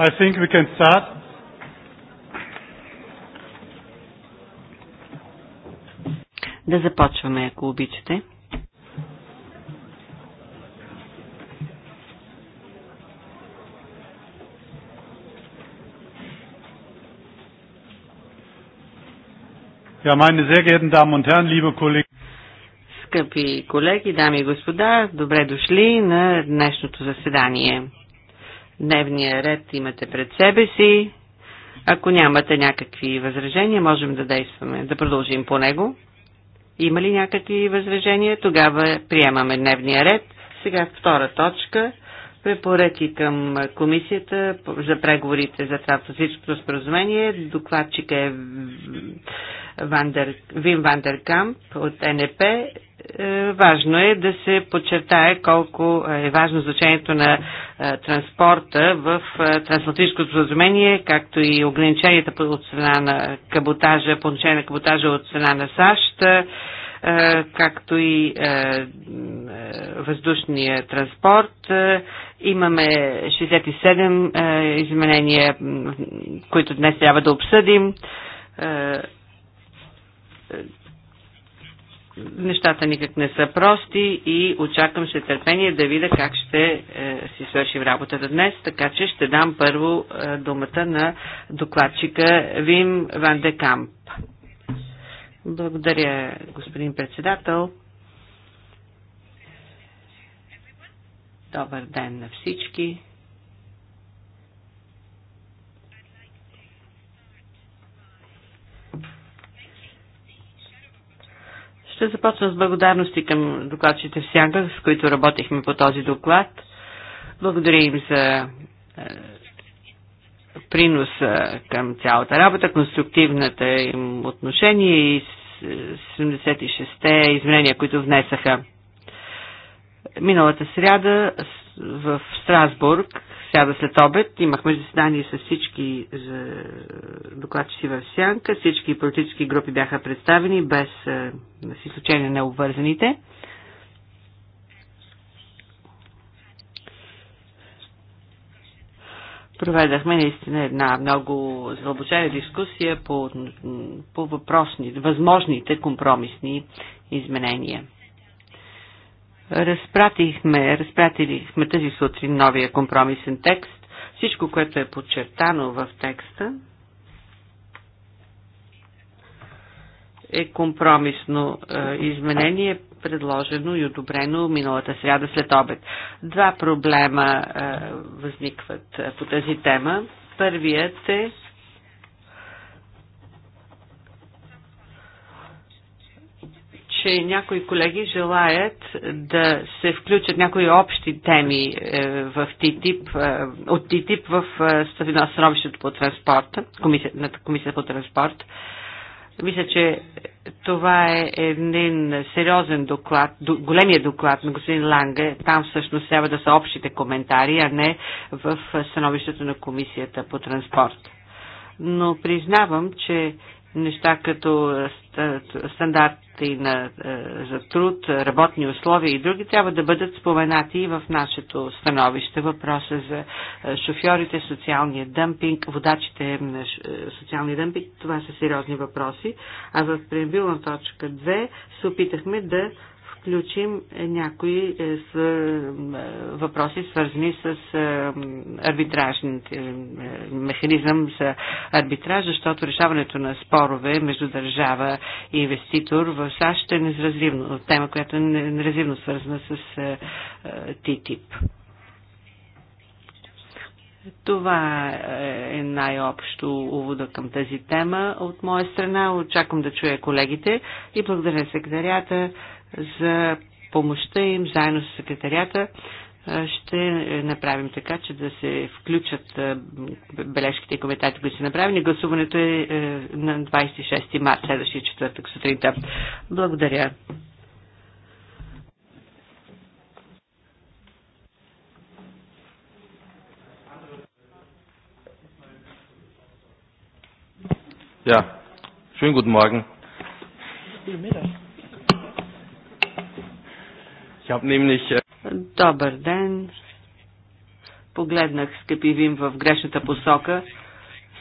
I think we can start. Да започваме, ако обичате. Ja, meine sehr geehrten Damen und Herren, liebe Kollegen. Скъпи колеги, дами и господа, добре дошли на днешното заседание дневния ред имате пред себе си. Ако нямате някакви възражения, можем да действаме, да продължим по него. Има ли някакви възражения? Тогава приемаме дневния ред. Сега втора точка. Препоръки към комисията за преговорите за трансатлантическото споразумение. Докладчика е Вандер, Вим Вандеркамп от НП. Е, важно е да се подчертае колко е важно значението на е, транспорта в е, трансатлантическото споразумение, както и ограниченията от страна на каботажа, по отношение на каботажа от страна на САЩ, както и въздушния транспорт. Имаме 67 изменения, които днес трябва да обсъдим нещата никак не са прости и очаквам ще търпение да видя как ще е, си свършим работата днес, така че ще дам първо е, думата на докладчика Вим Ван де Камп. Благодаря, господин председател. Добър ден на всички. Ще започна с благодарности към докладчите в Сянка, с които работихме по този доклад. Благодаря им за е, приноса е, към цялата работа, конструктивната им отношение и 76-те е, изменения, които внесаха. Миналата сряда в Страсбург, сряда след обед, имахме заседание с всички за докладчици в Сянка. Всички политически групи бяха представени, без с изключение на обвързаните. проведахме наистина една много задълбочена дискусия по, по въпросни, възможните компромисни изменения. Разпратихме, разпратихме тази сутрин новия компромисен текст. Всичко, което е подчертано в текста, е компромисно е, изменение, предложено и одобрено миналата сряда след обед. Два проблема е, възникват е, по тази тема. Първият е че някои колеги желаят да се включат някои общи теми е, в ТИТИП, е, от ТИТИП в е, становището по транспорта. комисията, комисия по транспорт. Мисля, че това е един сериозен доклад, големия доклад на господин Ланге. Там всъщност трябва да са общите коментари, а не в становището на комисията по транспорт. Но признавам, че неща като е, стандарти на, е, за труд, работни условия и други трябва да бъдат споменати и в нашето становище. Въпроса за е, шофьорите, социалния дъмпинг, водачите на социалния дъмпинг, това са сериозни въпроси. А в преамбилна точка 2 се опитахме да включим някои е, с, е, въпроси, свързани с е, арбитражните механизъм за арбитраж, защото решаването на спорове между държава и инвеститор в САЩ е неразривно, тема, която е неразривно свързана с ТИТИП. Това е най-общо увода към тази тема. От моя страна очаквам да чуя колегите и благодаря секретарията за помощта им заедно с секретарията ще направим така, че да се включат бележките и коментарите, които са направени. Гласуването е, е на 26 марта, следващия четвъртък сутринта. Благодаря. Ja, schönen guten Morgen. Guten Mittag. Äh, Добър ден. Погледнах, скъпи Вим, в грешната посока.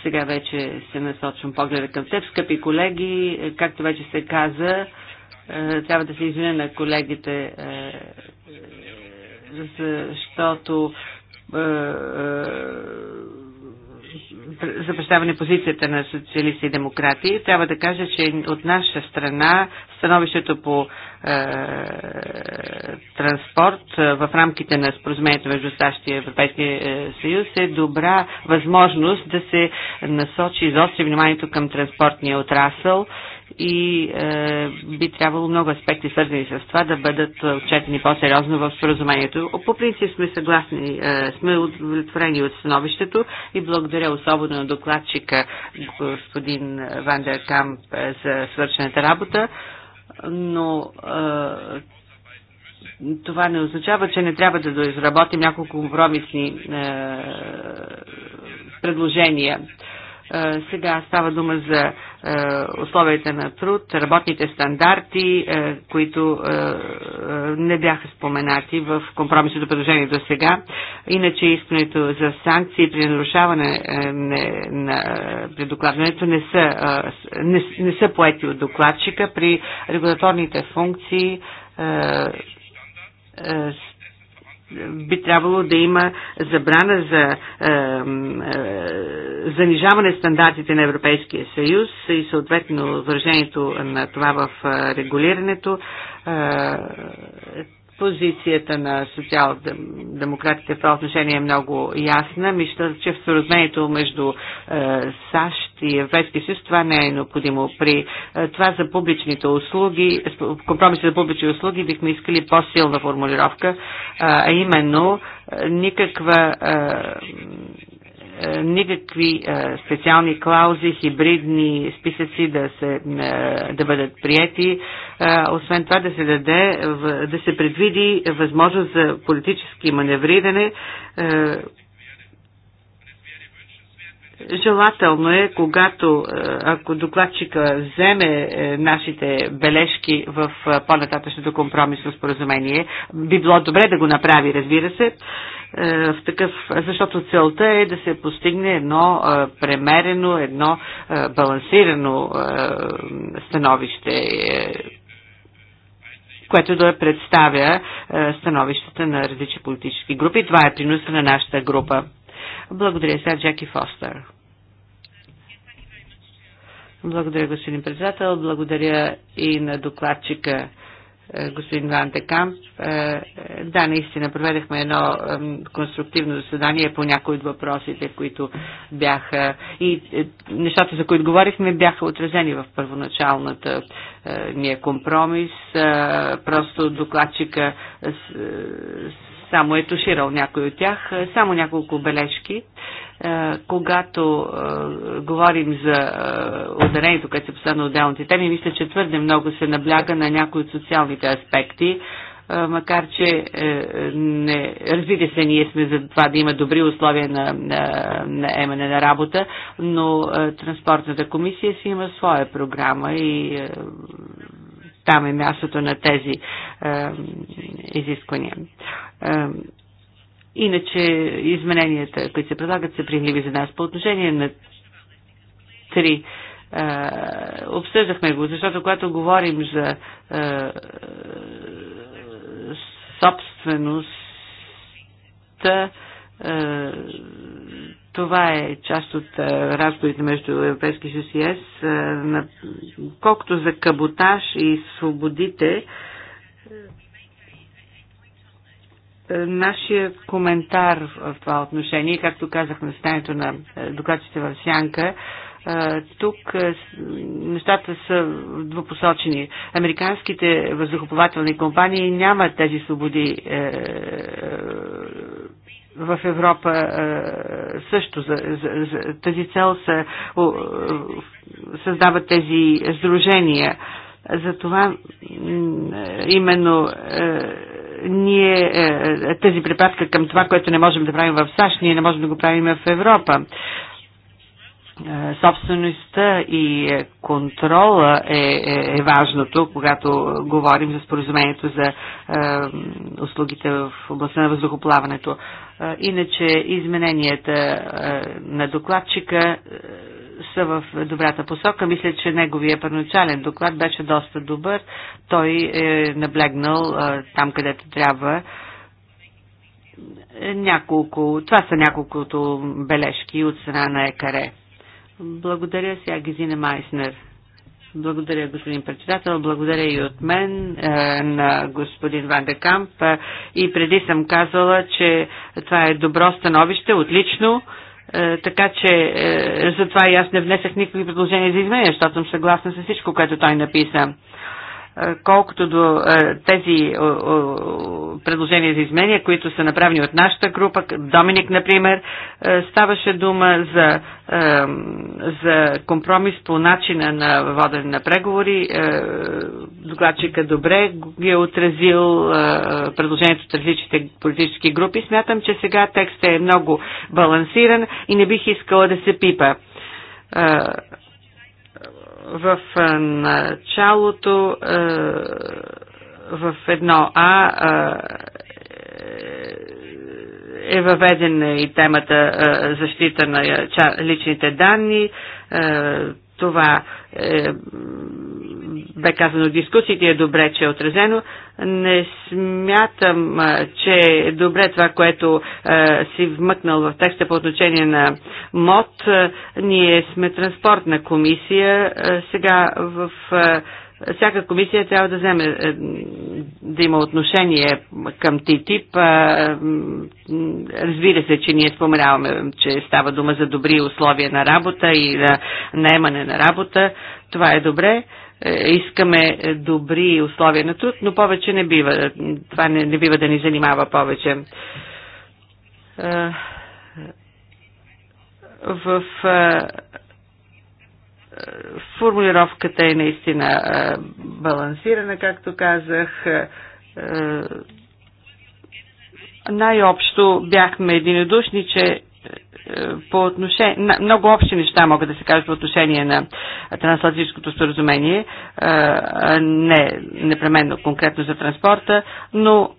Сега вече се насочвам погледа към теб. Скъпи колеги, е, както вече се каза, е, трябва да се извиня на колегите, е, защото запрещаване позицията на социалисти и демократи. Трябва да кажа, че от наша страна становището по е, транспорт е, в рамките на споразумението между САЩ и Европейския е, съюз е добра възможност да се насочи изостри вниманието към транспортния отрасъл. Е, и е, би трябвало много аспекти, свързани с това, да бъдат отчетени по-сериозно в споразумението. По принцип сме съгласни, е, сме удовлетворени от становището и благодаря особено на докладчика господин Вандер Камп е, за свършената работа, но е, това не означава, че не трябва да доизработим няколко компромисни е, предложения. Е, сега става дума за е, условията на труд, работните стандарти, е, които не бяха споменати в компромисното предложение до сега. Иначе искането за санкции при нарушаване на, предокладването не са, не, не са поети от докладчика при регулаторните функции би трябвало да има забрана за е, е, занижаване стандартите на Европейския съюз и съответно вържението на това в е, регулирането. Е, Позицията на социал-демократите в това отношение е много ясна. Мисля, че в споразумението между е, САЩ и Европейския съюз това не е необходимо. При е, това за публичните услуги, компромиси за публични услуги бихме искали по-силна формулировка, е, а именно никаква е, никакви е, специални клаузи, хибридни списъци да, се, е, да бъдат прияти. Освен това да се даде, да се предвиди възможност за политически маневриране. Желателно е, когато ако докладчика вземе нашите бележки в по-нататъчното компромисно споразумение, би било добре да го направи, разбира се, е, в такъв, защото целта е да се постигне едно е, премерено, едно е, балансирано становище което да представя становищата на различни политически групи. Това е приноса на нашата група. Благодаря сега Джеки Фостер. Благодаря, господин председател. Благодаря и на докладчика е, господин Ван Декам. Е, да, наистина проведахме едно конструктивно заседание по някои от въпросите, които бяха и е, нещата, за които говорихме, бяха отразени в първоначалната ни компромис. Просто докладчика само е туширал някой от тях. Е, само няколко бележки. Е, когато е, говорим за ударението, което се поставя на отделните теми, мисля, че твърде много се набляга на някои от социалните аспекти макар че не, разбира се, ние сме за това да има добри условия на, на, на емене на работа, но Транспортната комисия си има своя програма и там е мястото на тези е, изисквания. Иначе измененията, които се предлагат, са приемливи за нас. По отношение на три обсъждахме го, защото когато говорим за собственост, това е част от разговорите между Европейския съюз и ЕС. Колкото за каботаж и свободите, нашия коментар в това отношение, както казах на стането на е, докладчите в Сянка, е, тук е, нещата са двупосочени. Американските въздухоплавателни компании нямат тези свободи в Европа също за, за, за тази цел са, създават тези сдружения. Затова именно ние, е, е, тази препратка към това, което не можем да правим в САЩ, ние не можем да го правим в Европа. Е, собствеността и контрола е, е, е важното, когато говорим за споразумението за е, услугите в областта на въздухоплаването. иначе измененията е, на докладчика са в добрата посока. Мисля, че неговия първоначален доклад беше доста добър. Той е наблегнал там, където трябва. Няколко, това са няколкото бележки от страна на ЕКАРЕ. Благодаря сега Гезина Майснер. Благодаря, господин председател. Благодаря и от мен е, на господин Ван де Камп. Е, и преди съм казала, че това е добро становище, отлично. Е, така че е, затова и аз не внесах никакви предложения за изменения, защото съм съгласна с всичко, което той написа. Колкото до тези предложения за изменения, които са направени от нашата група, Доминик, например, ставаше дума за, за компромис по начина на водене на преговори. Докладчика добре ги е отразил предложението от различните политически групи. Смятам, че сега текстът е много балансиран и не бих искала да се пипа в е, началото е, в едно А е, е въведена и темата защита на личните данни. Това е, бе казано в дискусиите, е добре, че е отразено. Не смятам, че е добре това, което е, си вмъкнал в текста по отношение на МОД. Ние сме транспортна комисия. Сега в е, всяка комисия трябва да вземе, е, да има отношение към ТИТИП. Е, разбира се, че ние споменаваме, че става дума за добри условия на работа и на наемане на работа. Това е добре. Е, искаме добри условия на труд, но повече не бива. Това не, не бива да ни занимава повече. В формулировката е наистина е, балансирана, както казах. Е, е, най-общо бяхме единодушни, че по отношение, много общи неща могат да се кажат по отношение на трансатлантическото споразумение, не непременно конкретно за транспорта, но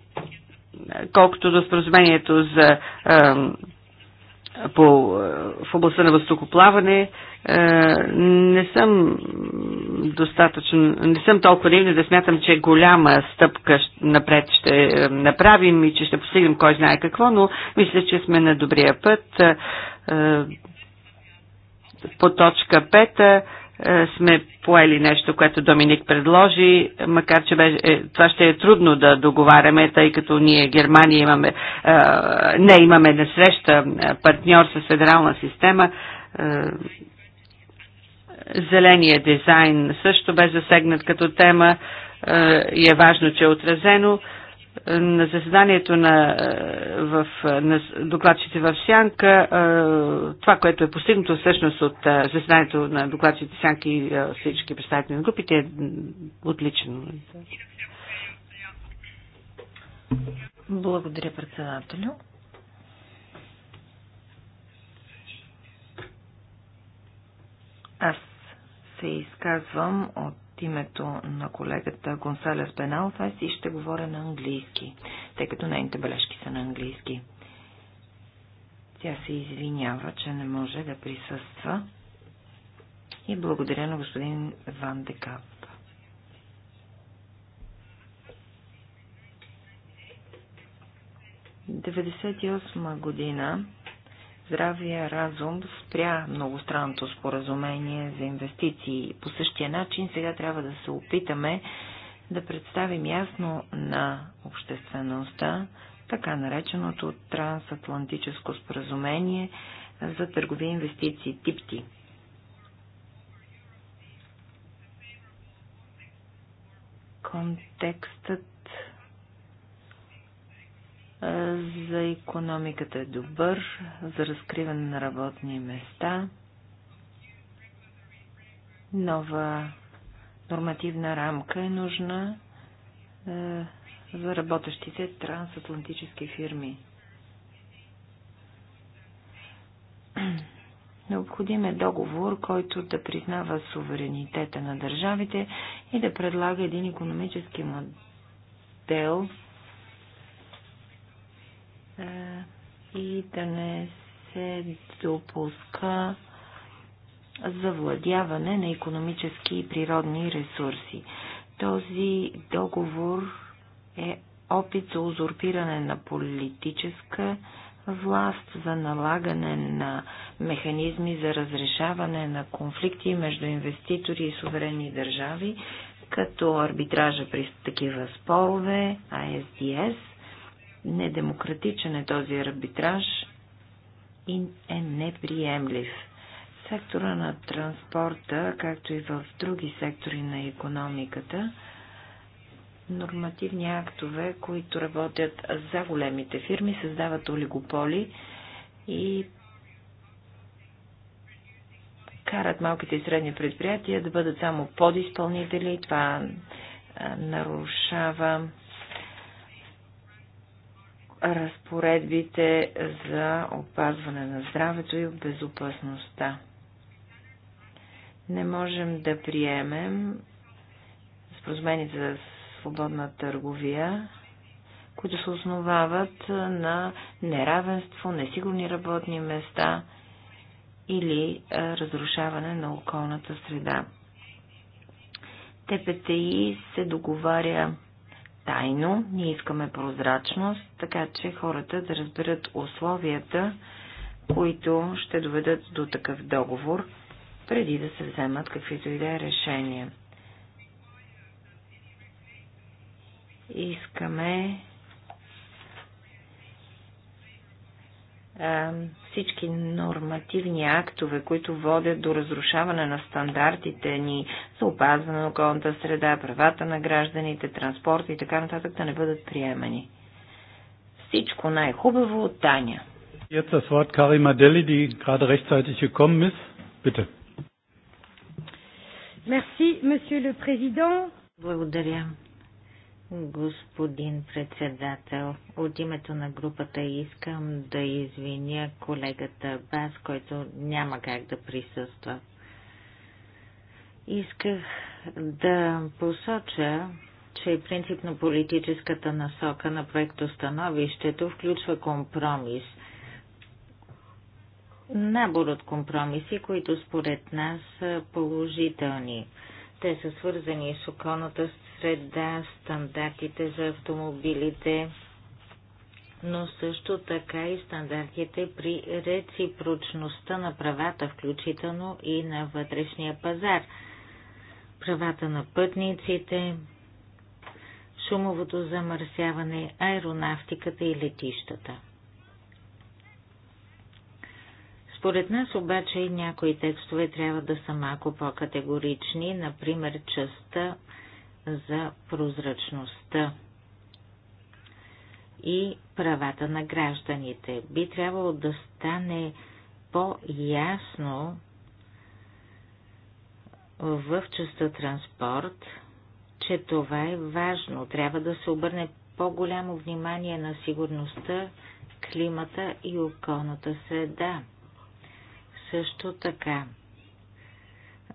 колкото до споразумението за по, е, в областта на въздухоплаване е, не съм достатъчно, не съм толкова наивна да смятам, че голяма стъпка напред ще е, направим и че ще постигнем кой знае какво, но мисля, че сме на добрия път. По точка 5 е, сме поели нещо, което Доминик предложи, макар че беше, е, това ще е трудно да договаряме, тъй като ние Германия имаме, е, не имаме на среща е, партньор с федерална система. Е, зеления дизайн също бе засегнат като тема е, и е важно, че е отразено. Е, на заседанието на, е, в, на докладчите в Сянка, е, това, което е постигнато всъщност от е, заседанието на докладчите в Сянка и всички представители на групите е отлично. Благодаря, председателю. Аз се изказвам от името на колегата Гонсалес Беналфес и ще говоря на английски, тъй като нейните бележки са на английски. Тя се извинява, че не може да присъства и благодаря на господин Ван Декап. Деведесет година здравия разум спря многостранното споразумение за инвестиции. По същия начин сега трябва да се опитаме да представим ясно на обществеността така нареченото трансатлантическо споразумение за търгови инвестиции ТИПТИ. Контекстът за економиката е добър, за разкриване на работни места, нова нормативна рамка е нужна за работещите трансатлантически фирми. Необходим е договор, който да признава суверенитета на държавите и да предлага един економически модел – е, и да не се допуска завладяване на економически и природни ресурси. Този договор е опит за узурпиране на политическа власт, за налагане на механизми за разрешаване на конфликти между инвеститори и суверенни държави, като арбитража при такива спорове, ISDS, Недемократичен е този арбитраж и е неприемлив. Сектора на транспорта, както и в други сектори на економиката, нормативни актове, които работят за големите фирми, създават олигополи и карат малките и средни предприятия да бъдат само подизпълнители. Това нарушава разпоредбите за опазване на здравето и безопасността. Не можем да приемем споразумените за свободна търговия, които се основават на неравенство, несигурни работни места или разрушаване на околната среда. ТПТИ се договаря тайно, ние искаме прозрачност, така че хората да разберат условията, които ще доведат до такъв договор, преди да се вземат каквито и да е решения. Искаме всички нормативни актове, които водят до разрушаване на стандартите ни за опазване на околната среда, правата на гражданите, транспорт и така нататък да не бъдат приемани. Всичко най-хубаво от Таня. Благодаря, Господин председател, от името на групата искам да извиня колегата Бас, който няма как да присъства. Исках да посоча, че принципно политическата насока на проектостановището включва компромис. Набор от компромиси, които според нас са положителни. Те са свързани с околната среда, стандартите за автомобилите, но също така и стандартите при реципрочността на правата, включително и на вътрешния пазар, правата на пътниците, шумовото замърсяване, аеронавтиката и летищата. Според нас обаче някои текстове трябва да са малко по-категорични, например частта за прозрачността и правата на гражданите. Би трябвало да стане по-ясно в частта транспорт, че това е важно. Трябва да се обърне по-голямо внимание на сигурността, климата и околната среда. Също така,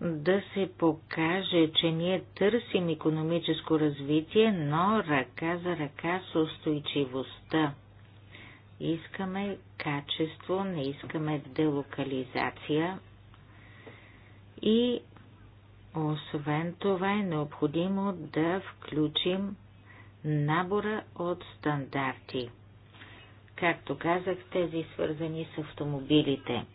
да се покаже, че ние търсим економическо развитие, но ръка за ръка с устойчивостта. Искаме качество, не искаме делокализация и освен това е необходимо да включим набора от стандарти, както казах, тези свързани с автомобилите –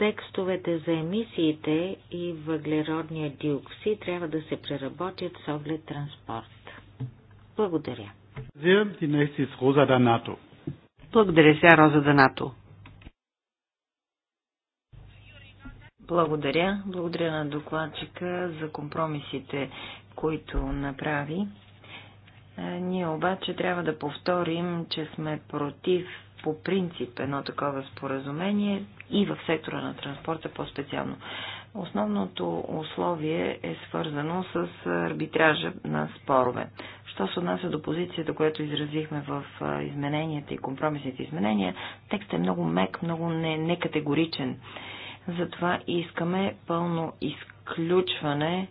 Текстовете за емисиите и въглеродния диоксид трябва да се преработят с оглед транспорт. Благодаря. Благодаря сега, Роза Данато. Благодаря. Благодаря на докладчика за компромисите, които направи. Е, ние обаче трябва да повторим, че сме против по принцип едно такова споразумение и в сектора на транспорта по-специално. Основното условие е свързано с арбитража на спорове. Що се отнася до позицията, която изразихме в измененията и компромисните изменения, текстът е много мек, много некатегоричен. Не, Затова искаме пълно изключване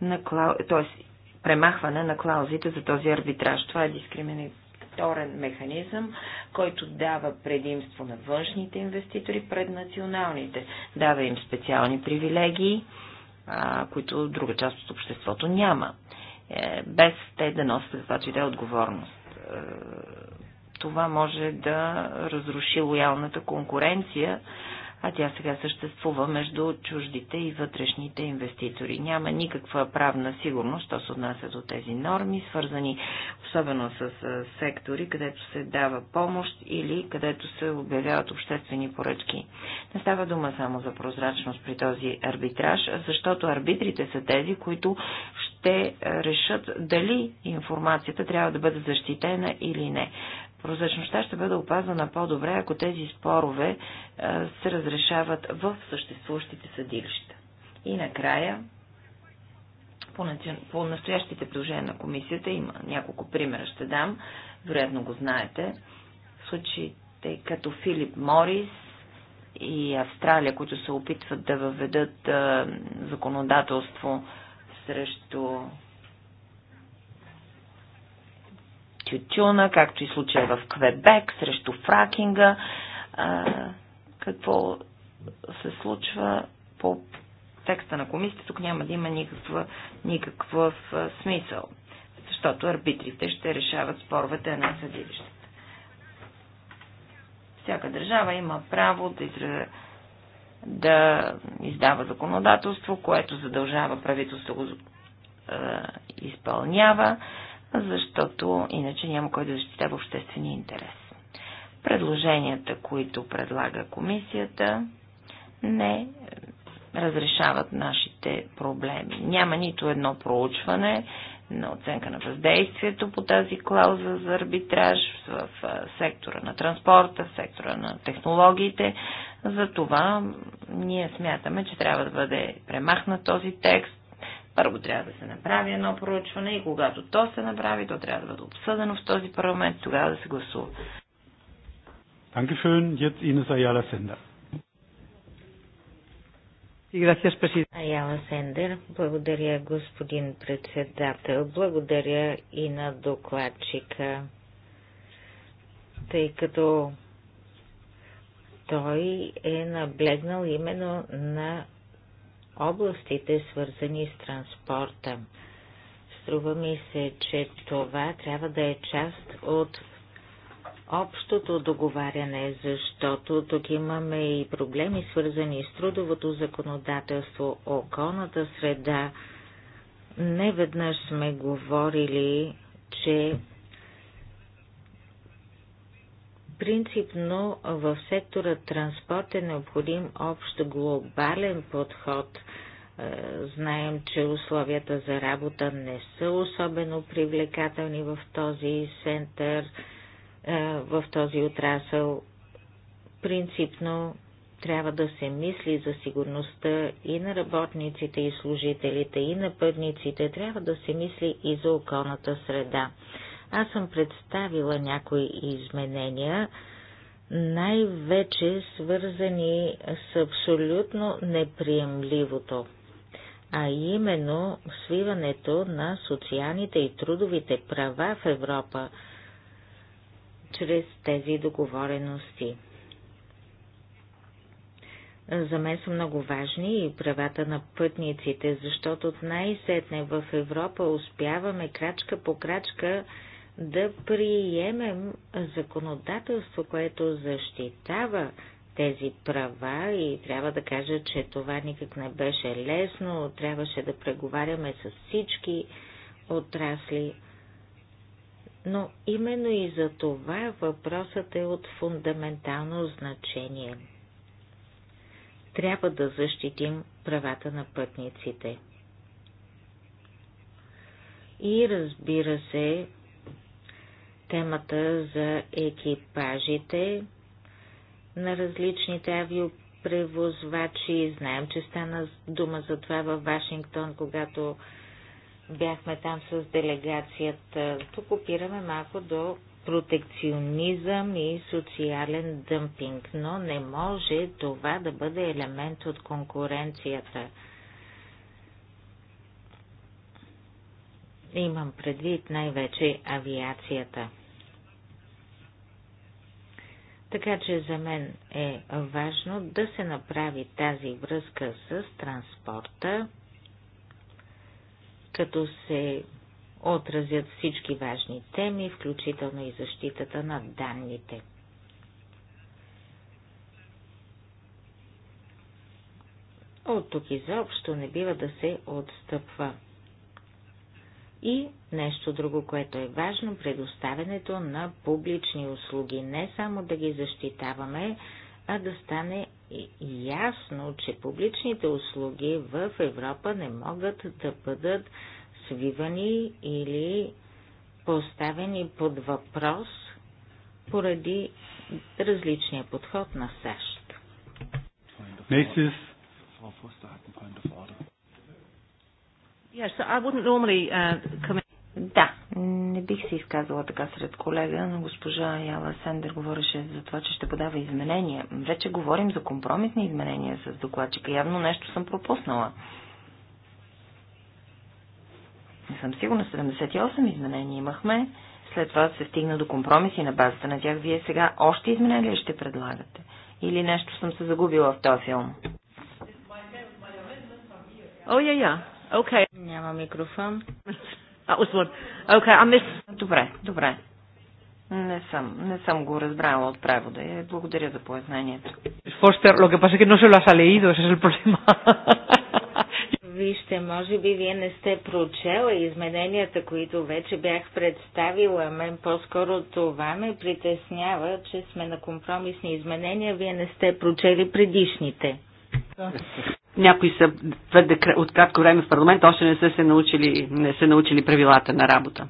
на клау... т.е. премахване на клаузите за този арбитраж. Това е дискриминация регулаторен механизъм, който дава предимство на външните инвеститори пред националните. Дава им специални привилегии, а, които друга част от обществото няма, е, без те да носят каквато и да е отговорност. Е, това може да разруши лоялната конкуренция, а тя сега съществува между чуждите и вътрешните инвеститори. Няма никаква правна сигурност, що се отнася до тези норми, свързани особено с сектори, където се дава помощ или където се обявяват обществени поръчки. Не става дума само за прозрачност при този арбитраж, защото арбитрите са тези, които ще решат дали информацията трябва да бъде защитена или не. Прозрачността ще бъде опазвана по-добре, ако тези спорове се разрешават в съществуващите съдилища. И накрая, по, по настоящите предложения на комисията, има няколко примера ще дам, вероятно го знаете, случаите като Филип Морис и Австралия, които се опитват да въведат законодателство срещу тютюна, както и случая в Квебек, срещу фракинга. А, какво се случва по текста на комисията, тук няма да има никаква, никакъв смисъл, защото арбитрите ще решават споровете на съдилищата. Всяка държава има право да, изра... да издава законодателство, което задължава правителството го изпълнява защото иначе няма кой да защитава обществения интерес. Предложенията, които предлага комисията, не разрешават нашите проблеми. Няма нито едно проучване на оценка на въздействието по тази клауза за арбитраж в сектора на транспорта, в сектора на технологиите. Затова ние смятаме, че трябва да бъде премахнат този текст първо трябва да се направи едно проучване и когато то се направи, то трябва да бъде обсъдено в този парламент, тогава да се гласува. Dankeschön. Jetzt Ines Ayala Sender. Аяла Сендер, благодаря господин председател, благодаря и на докладчика, тъй като той е наблегнал именно на областите, свързани с транспорта. Струва ми се, че това трябва да е част от общото договаряне, защото тук имаме и проблеми, свързани с трудовото законодателство, околната среда. Неведнъж сме говорили, че Принципно в сектора транспорт е необходим общ глобален подход. Е, знаем, че условията за работа не са особено привлекателни в този център, е, в този отрасъл. Принципно трябва да се мисли за сигурността и на работниците, и служителите, и на пътниците. Трябва да се мисли и за околната среда. Аз съм представила някои изменения, най-вече свързани с абсолютно неприемливото, а именно свиването на социалните и трудовите права в Европа чрез тези договорености. За мен са много важни и правата на пътниците, защото най-сетне в Европа успяваме крачка по крачка да приемем законодателство, което защитава тези права и трябва да кажа, че това никак не беше лесно, трябваше да преговаряме с всички отрасли. Но именно и за това въпросът е от фундаментално значение. Трябва да защитим правата на пътниците. И разбира се, темата за екипажите на различните авиопревозвачи. Знаем, че стана дума за това във Вашингтон, когато бяхме там с делегацията. Тук опираме малко до протекционизъм и социален дъмпинг, но не може това да бъде елемент от конкуренцията – Имам предвид най-вече авиацията. Така че за мен е важно да се направи тази връзка с транспорта, като се отразят всички важни теми, включително и защитата на данните. От тук изобщо не бива да се отстъпва. И нещо друго, което е важно, предоставянето на публични услуги. Не само да ги защитаваме, а да стане ясно, че публичните услуги в Европа не могат да бъдат свивани или поставени под въпрос поради различния подход на САЩ. Uh, да, не бих се изказала така сред колега, но госпожа Яла Сендер говореше за това, че ще подава изменения. Вече говорим за компромисни изменения с докладчика. Явно нещо съм пропуснала. Не съм сигурна, 78 изменения имахме. След това се стигна до компромиси на базата на тях. Вие сега още изменения ще предлагате? Или нещо съм се загубила в този филм? О, я, я. Okay. Няма микрофон. Окей, I miss... Добре, добре. Не съм, не съм го разбрала от превода. Е, благодаря за пояснението. Фостер, lo que pasa es que no se lo has leído, ese es el problema. Вижте, може би вие не сте прочела измененията, които вече бях представила. Мен по-скоро това ме притеснява, че сме на компромисни изменения, вие не сте прочели предишните. Някои са твърде от кратко време в парламент, още не са се научили, не са научили правилата на работа.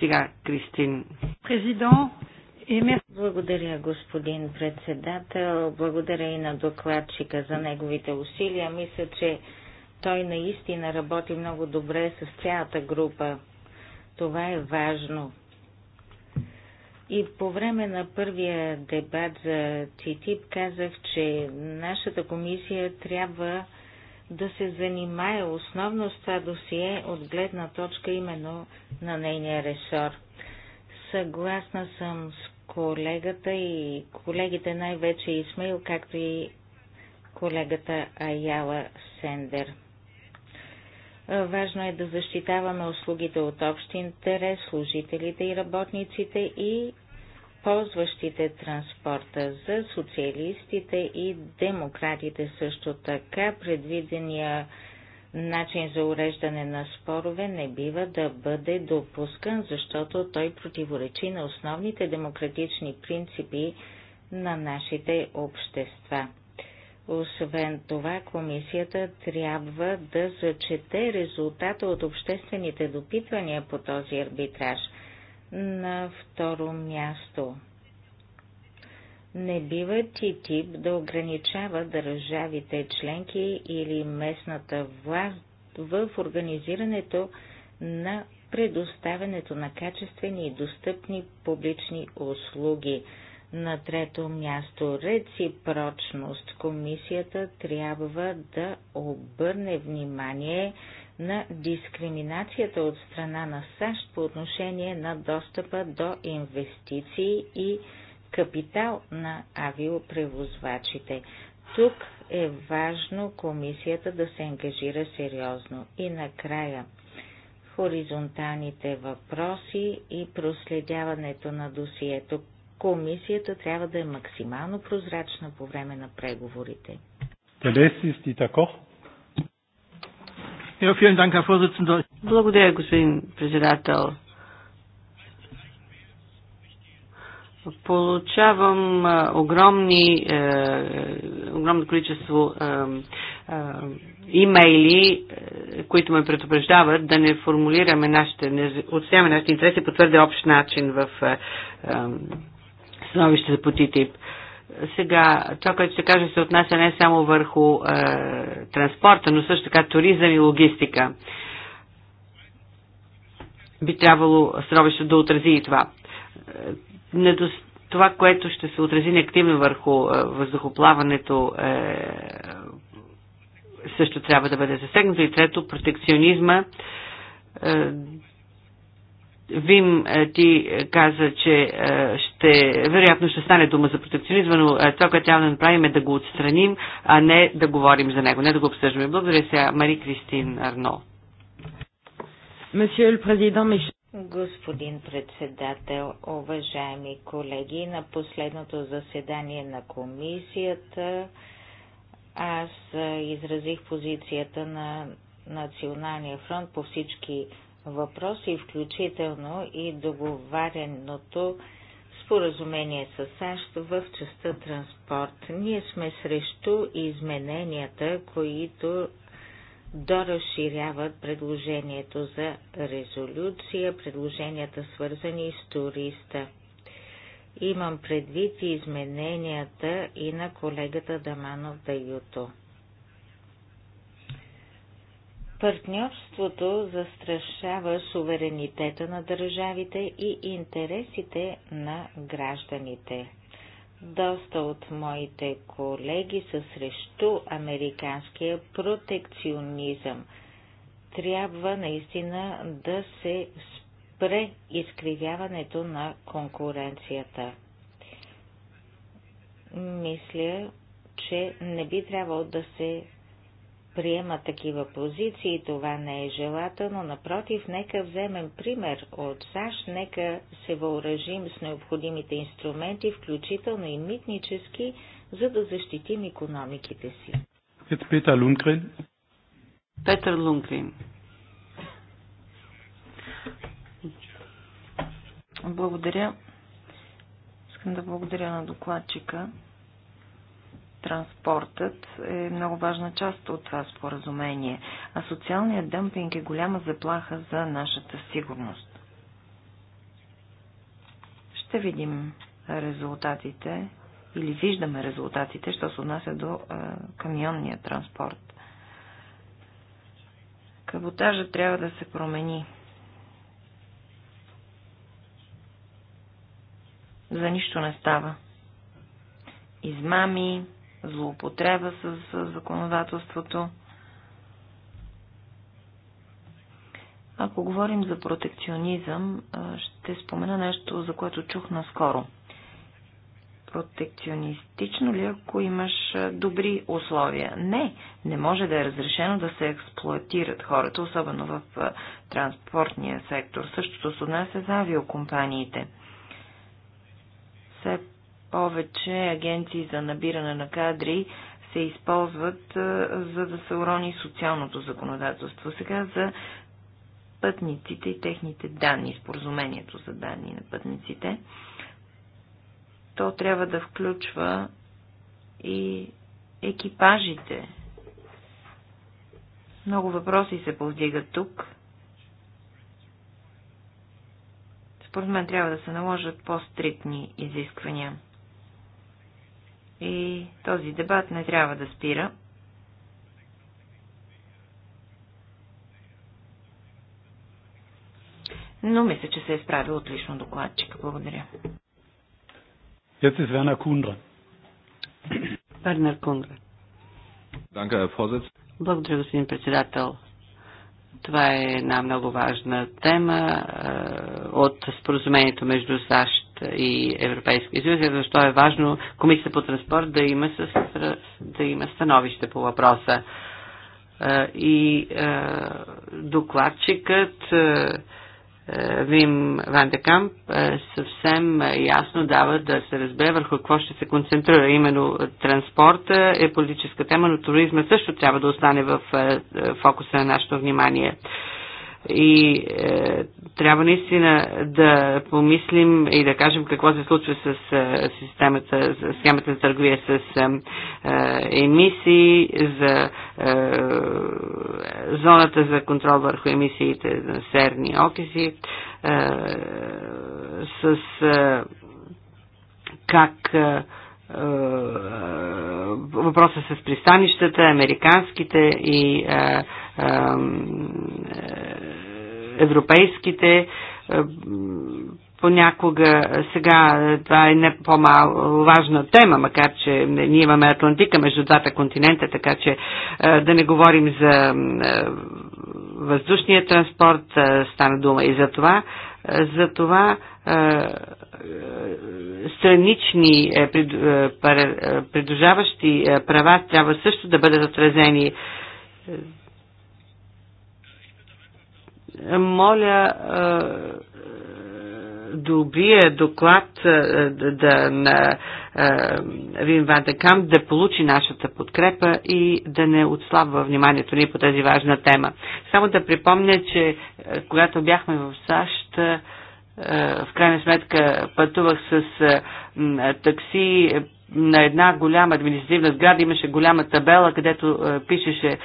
Сега, Кристин. Президент, благодаря, господин председател. Благодаря и на докладчика за неговите усилия. Мисля, че той наистина работи много добре с цялата група. Това е важно. И по време на първия дебат за ТТИП казах, че нашата комисия трябва да се занимае основно с това досие от гледна точка именно на нейния ресор. Съгласна съм с колегата и колегите най-вече Исмаил, както и колегата Аяла Сендер. Е, важно е да защитаваме услугите от общ интерес, служителите и работниците и ползващите транспорта за социалистите и демократите също така. Предвидения начин за уреждане на спорове не бива да бъде допускан, защото той противоречи на основните демократични принципи на нашите общества. Освен това, комисията трябва да зачете резултата от обществените допитвания по този арбитраж. На второ място. Не бива ТИТИП да ограничава държавите членки или местната власт в организирането на предоставянето на качествени и достъпни публични услуги – на трето място реципрочност. Комисията трябва да обърне внимание на дискриминацията от страна на САЩ по отношение на достъпа до инвестиции и капитал на авиопревозвачите. Тук е важно комисията да се ангажира сериозно. И накрая хоризонталните въпроси и проследяването на досието комисията трябва да е максимално прозрачна по време на преговорите. Благодаря, господин председател. Получавам огромни, е, огромно количество е, е, имейли, които ме предупреждават да не формулираме нашите, не отстояваме нашите интереси по твърде общ начин в становище за потитип. Сега, това, което се каже, се отнася не само върху е, транспорта, но също така туризъм и логистика. Би трябвало становището да отрази и това. Е, недос... Това, което ще се отрази неактивно върху е, въздухоплаването, е, също трябва да бъде засегнато. И трето, протекционизма. Е, Вим, е, ти е, каза, че е, ще, вероятно ще стане дума за протекционизма, но това, което трябва да направим е да го отстраним, а не да говорим за него, не да го обсъждаме. Благодаря сега, Мари Кристин Арно. Господин председател, уважаеми колеги, на последното заседание на комисията аз изразих позицията на Националния фронт по всички Въпрос и включително и договареното споразумение с САЩ в частта транспорт. Ние сме срещу измененията, които доразширяват предложението за резолюция, предложенията свързани с туриста. Имам предвид и измененията и на колегата Даманов Даюто. Партньорството застрашава суверенитета на държавите и интересите на гражданите. Доста от моите колеги са срещу американския протекционизъм. Трябва наистина да се спре изкривяването на конкуренцията. Мисля, че не би трябвало да се приема такива позиции, това не е желателно. Напротив, нека вземем пример от САЩ, нека се въоръжим с необходимите инструменти, включително и митнически, за да защитим економиките си. Петър Лункрин. Петър Лункрин. Благодаря. Искам да благодаря на докладчика транспортът е много важна част от това споразумение, а социалният дъмпинг е голяма заплаха за нашата сигурност. Ще видим резултатите или виждаме резултатите, що се отнася до е, камионния транспорт. Каботажа трябва да се промени. За нищо не става. Измами, злоупотреба с законодателството. Ако говорим за протекционизъм, ще спомена нещо, за което чух наскоро. Протекционистично ли, ако имаш добри условия? Не, не може да е разрешено да се експлуатират хората, особено в транспортния сектор. Същото се отнася за авиокомпаниите. Все повече агенции за набиране на кадри се използват, за да се урони социалното законодателство. Сега за пътниците и техните данни, споразумението за данни на пътниците, то трябва да включва и екипажите. Много въпроси се повдигат тук. Според мен трябва да се наложат по стритни изисквания. И този дебат не трябва да спира. Но мисля, че се е справил отлично докладчика. Благодаря. Jetzt ist Werner Werner Благодаря, господин председател. Това е една много важна тема е, от споразумението между САЩ и Европейския съюз. и защо е важно Комисията по транспорт да има, с, да има становище по въпроса. И докладчикът Вим Ван де Камп съвсем ясно дава да се разбере върху какво ще се концентрира. Именно транспорта е политическа тема, но туризма също трябва да остане в фокуса на нашето внимание и е, трябва наистина да помислим и да кажем какво се случва с е, системата, с схемата за търговия с е, е емисии, за е, зоната за контрол върху емисиите на серни окиси, е, с е, как е, е, е, въпроса е с пристанищата, американските и а, а, европейските. Понякога сега това е не по-важна тема, макар че ние имаме Атлантика между двата континента, така че да не говорим за въздушния транспорт, стана дума и за това. За това е, странични е, е, придружаващи права трябва също да бъдат отразени. Моля добрия доклад да, на Вин Декам да получи нашата подкрепа и да не отслабва вниманието ни по тази важна тема. Само да припомня, че когато бяхме в САЩ, е, в крайна сметка пътувах с е, такси е, на една голяма административна сграда имаше голяма табела, където пишеше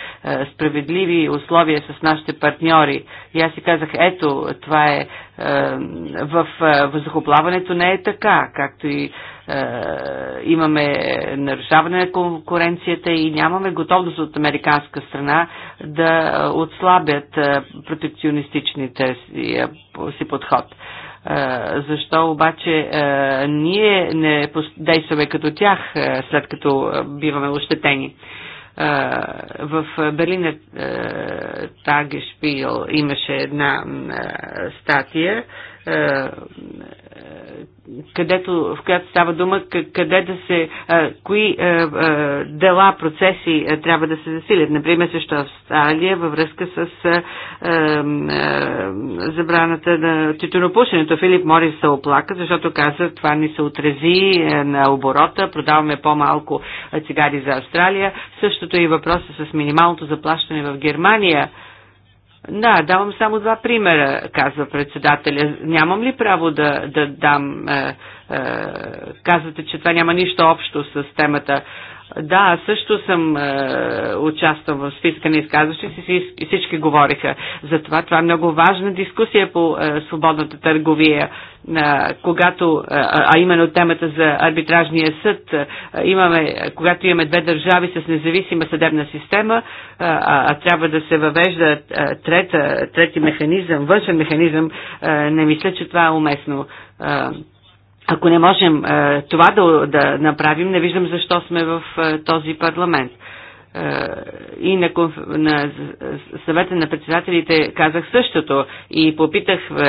справедливи условия с нашите партньори. И аз си казах, ето, това е в въздухоплаването не е така, както и имаме нарушаване на конкуренцията и нямаме готовност от американска страна да отслабят протекционистичните си подход. Защо обаче ние не действаме като тях, след като биваме ощетени? в Берлин Тагешпил имаше една статия където, в която става дума, къде да се, кои дела, процеси трябва да се засилят. Например, също Австралия във връзка с забраната на тютюнопушенето. Филип Морис се оплака, защото каза, това ни се отрази на оборота, продаваме по-малко цигари за Австралия. Същото и въпроса с минималното заплащане в Германия. Да, давам само два примера, казва председателя. Нямам ли право да, да дам. Е, е, казвате, че това няма нищо общо с темата да, също съм е, участвал в списка на изказващи си и всички говориха за това. Това е много важна дискусия по е, свободната търговия, е, когато, е, а именно темата за арбитражния съд, е, имаме, когато имаме две държави с независима съдебна система, е, а, а трябва да се въвежда е, трета, трети механизъм, външен механизъм, е, не мисля, че това е уместно. Е, ако не можем е, това да, да направим, не виждам защо сме в е, този парламент. Е, и на, конф... на съвета на председателите казах същото и попитах е, е,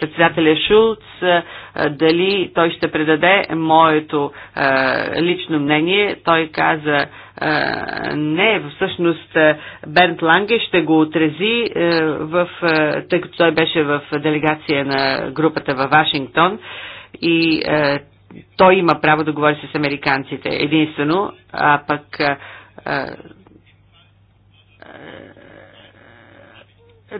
председателя Шулц дали той ще предаде моето лично мнение. Той каза не, всъщност Бернт Ланге ще го отрези, в, тъй като той беше в делегация на групата във Вашингтон и е, той има право да говори с американците единствено, а пък а, а,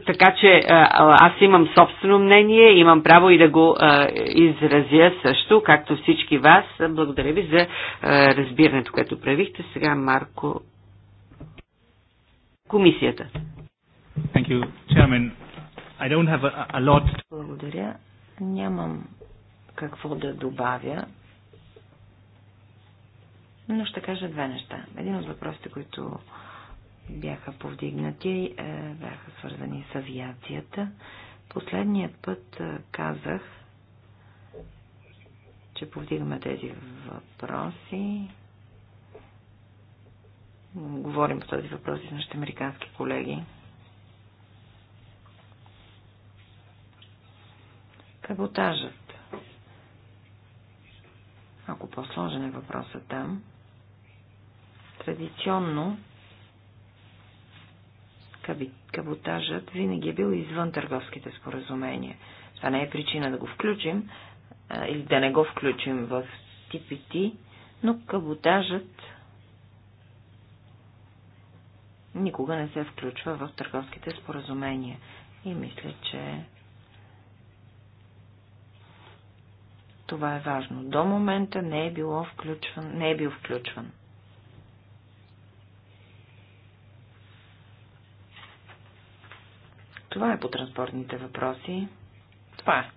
така че а, аз имам собствено мнение, имам право и да го а, изразя също, както всички вас. Благодаря ви за а, разбирането, което правихте. Сега Марко. Комисията. Thank you, Chairman. I don't have a, a lot. Благодаря. Нямам какво да добавя, но ще кажа две неща. Един от въпросите, които бяха повдигнати, е, бяха свързани с авиацията. Последният път е, казах, че повдигаме тези въпроси. Говорим по този въпрос с нашите американски колеги. Каботажът ако по-сложен е въпросът там. Традиционно каботажът винаги е бил извън търговските споразумения. Това не е причина да го включим а, или да не го включим в TPT, но каботажът никога не се включва в търговските споразумения. И мисля, че Това е важно. До момента не е, било включван, не е бил включван. Това е по транспортните въпроси. Това е.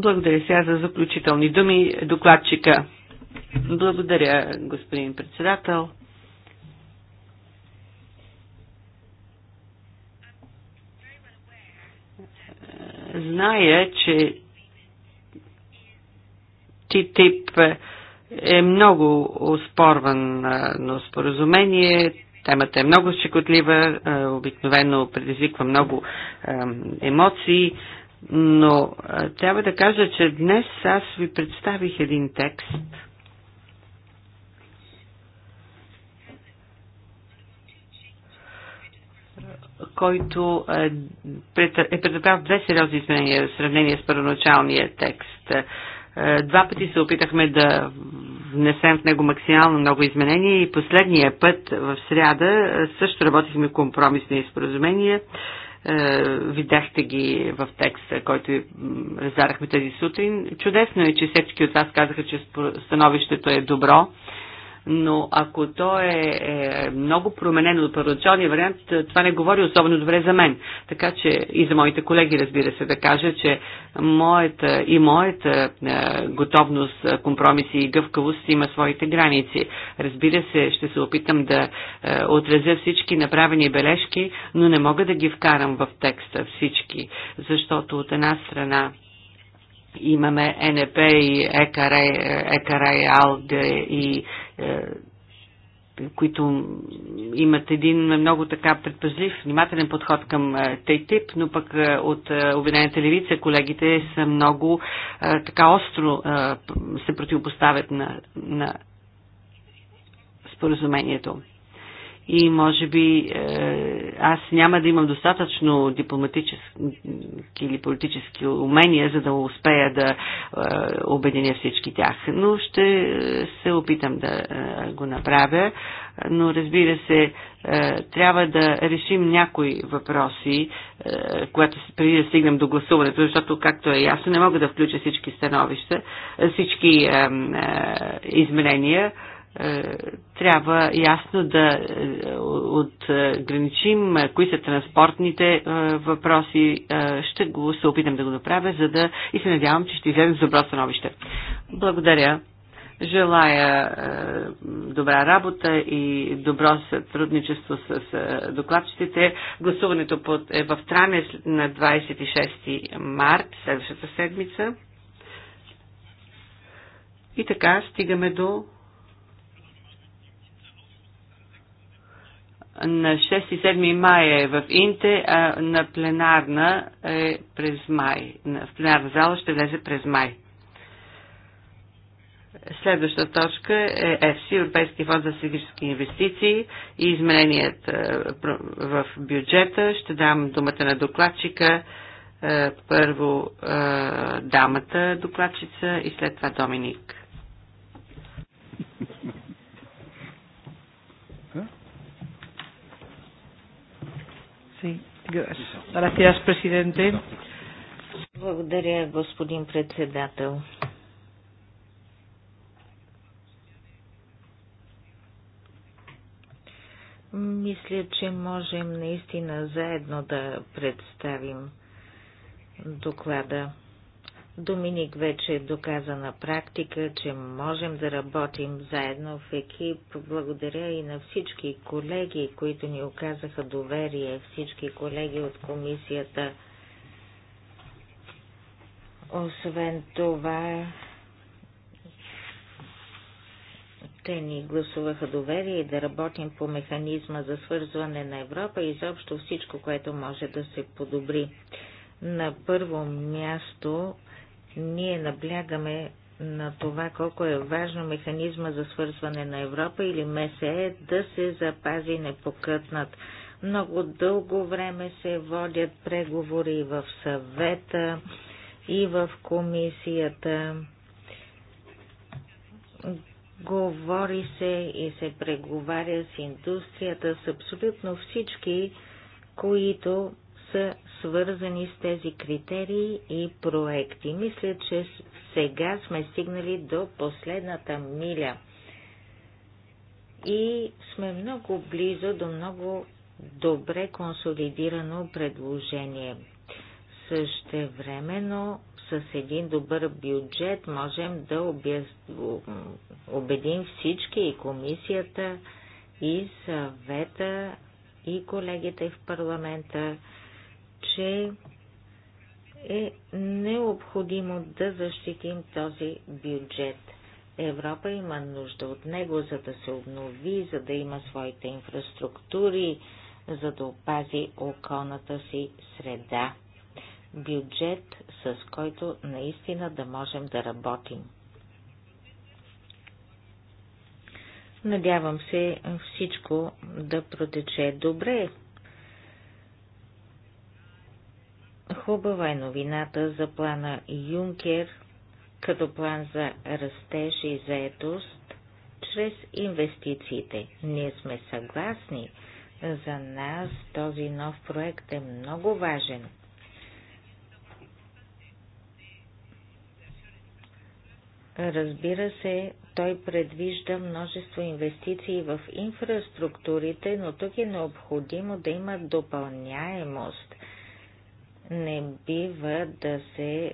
Благодаря сега за заключителни думи докладчика. Благодаря, господин председател. Зная, че ТТИП е много оспорвано споразумение, темата е много щекотлива, обикновено предизвиква много емоции, но трябва да кажа, че днес аз ви представих един текст, който е претърпял е две сериозни изменения в сравнение с първоначалния текст. Е, два пъти се опитахме да внесем в него максимално много изменения и последния път в сряда е, също работихме компромисни споразумения. Видяхте ги в текста, който раздарахме тази сутрин. Чудесно е, че всички от вас казаха, че становището е добро но ако то е, е много променено от първоначалния вариант, това не говори особено добре за мен. Така че и за моите колеги, разбира се, да кажа, че моята и моята е, готовност, е, компромиси и гъвкавост има своите граници. Разбира се, ще се опитам да е, отразя всички направени бележки, но не мога да ги вкарам в текста всички, защото от една страна Имаме НП и ЕКАРАЙ, АЛДЕ и е, които имат един много така предпазлив, внимателен подход към е, ТТИП, но пък е, от Обединената левица колегите са много така остро се противопоставят на, на споразумението и може би е, аз няма да имам достатъчно дипломатически или политически умения, за да успея да е, обединя всички тях. Но ще се опитам да е, го направя. Но разбира се, трябва да решим някои въпроси, когато преди да стигнем до гласуването, защото, както е ясно, не мога да включа всички становища, всички изменения е, трябва ясно да е, отграничим е, кои са транспортните въпроси. Ще го се опитам да го направя, за да и се надявам, че ще излезем с добро становище. Благодаря. Желая добра работа и добро сътрудничество с докладчиците. Гласуването е в Тране на 26 март, следващата седмица. И така стигаме до на 6 и 7 май е в Инте, а на пленарна е през май. В пленарна зала ще влезе през май. Следваща точка е ЕФСИ, Европейски фонд за стратегически инвестиции и измененият е, в бюджета. Ще дам думата на докладчика. Е, първо е, дамата докладчица и след това Доминик. Sí, gracias, presidente. Благодаря, господин председател. Мисля, че можем наистина заедно да представим доклада. Доминик вече доказа на практика, че можем да работим заедно в екип. Благодаря и на всички колеги, които ни оказаха доверие, всички колеги от комисията. Освен това, те ни гласуваха доверие и да работим по механизма за свързване на Европа и изобщо всичко, което може да се подобри. На първо място ние наблягаме на това колко е важно механизма за свързване на Европа или МСЕ да се запази непокътнат. Много дълго време се водят преговори в съвета и в комисията. Говори се и се преговаря с индустрията, с абсолютно всички, които са свързани с тези критерии и проекти. Мисля, че сега сме стигнали до последната миля и сме много близо до много добре консолидирано предложение. Същевременно с един добър бюджет можем да обедим убедим всички и комисията, и съвета, и колегите в парламента, че е необходимо да защитим този бюджет. Европа има нужда от него, за да се обнови, за да има своите инфраструктури, за да опази околната си среда. Бюджет, с който наистина да можем да работим. Надявам се всичко да протече добре. Хубава е новината за плана Юнкер като план за растеж и заетост чрез инвестициите. Ние сме съгласни. За нас този нов проект е много важен. Разбира се, той предвижда множество инвестиции в инфраструктурите, но тук е необходимо да има допълняемост не бива да се е,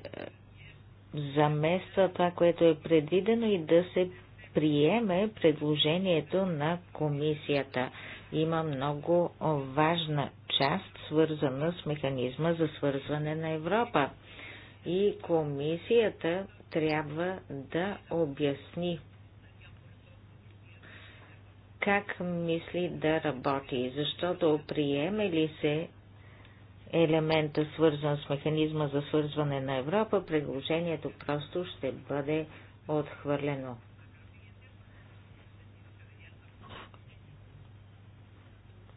замества това, което е предвидено и да се приеме предложението на комисията. Има много важна част, свързана с механизма за свързване на Европа. И комисията трябва да обясни как мисли да работи, защото приеме ли се елемента, свързан с механизма за свързване на Европа, предложението просто ще бъде отхвърлено.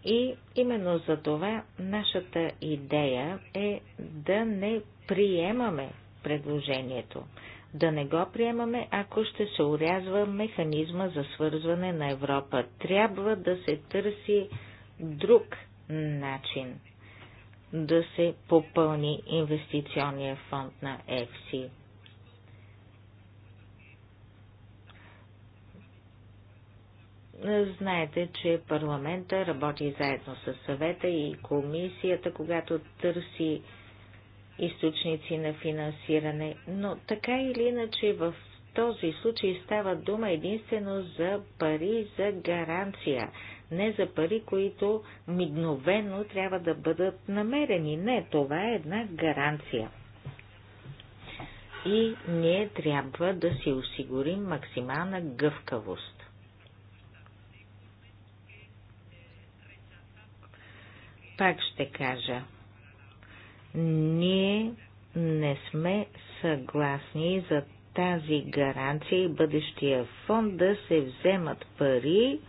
И именно за това нашата идея е да не приемаме предложението. Да не го приемаме, ако ще се урязва механизма за свързване на Европа. Трябва да се търси друг начин да се попълни инвестиционния фонд на ЕФСИ. Знаете, че парламента работи заедно с съвета и комисията, когато търси източници на финансиране, но така или иначе в този случай става дума единствено за пари за гаранция не за пари, които мигновено трябва да бъдат намерени. Не, това е една гаранция. И ние трябва да си осигурим максимална гъвкавост. Пак ще кажа, ние не сме съгласни за тази гаранция и бъдещия фонд да се вземат пари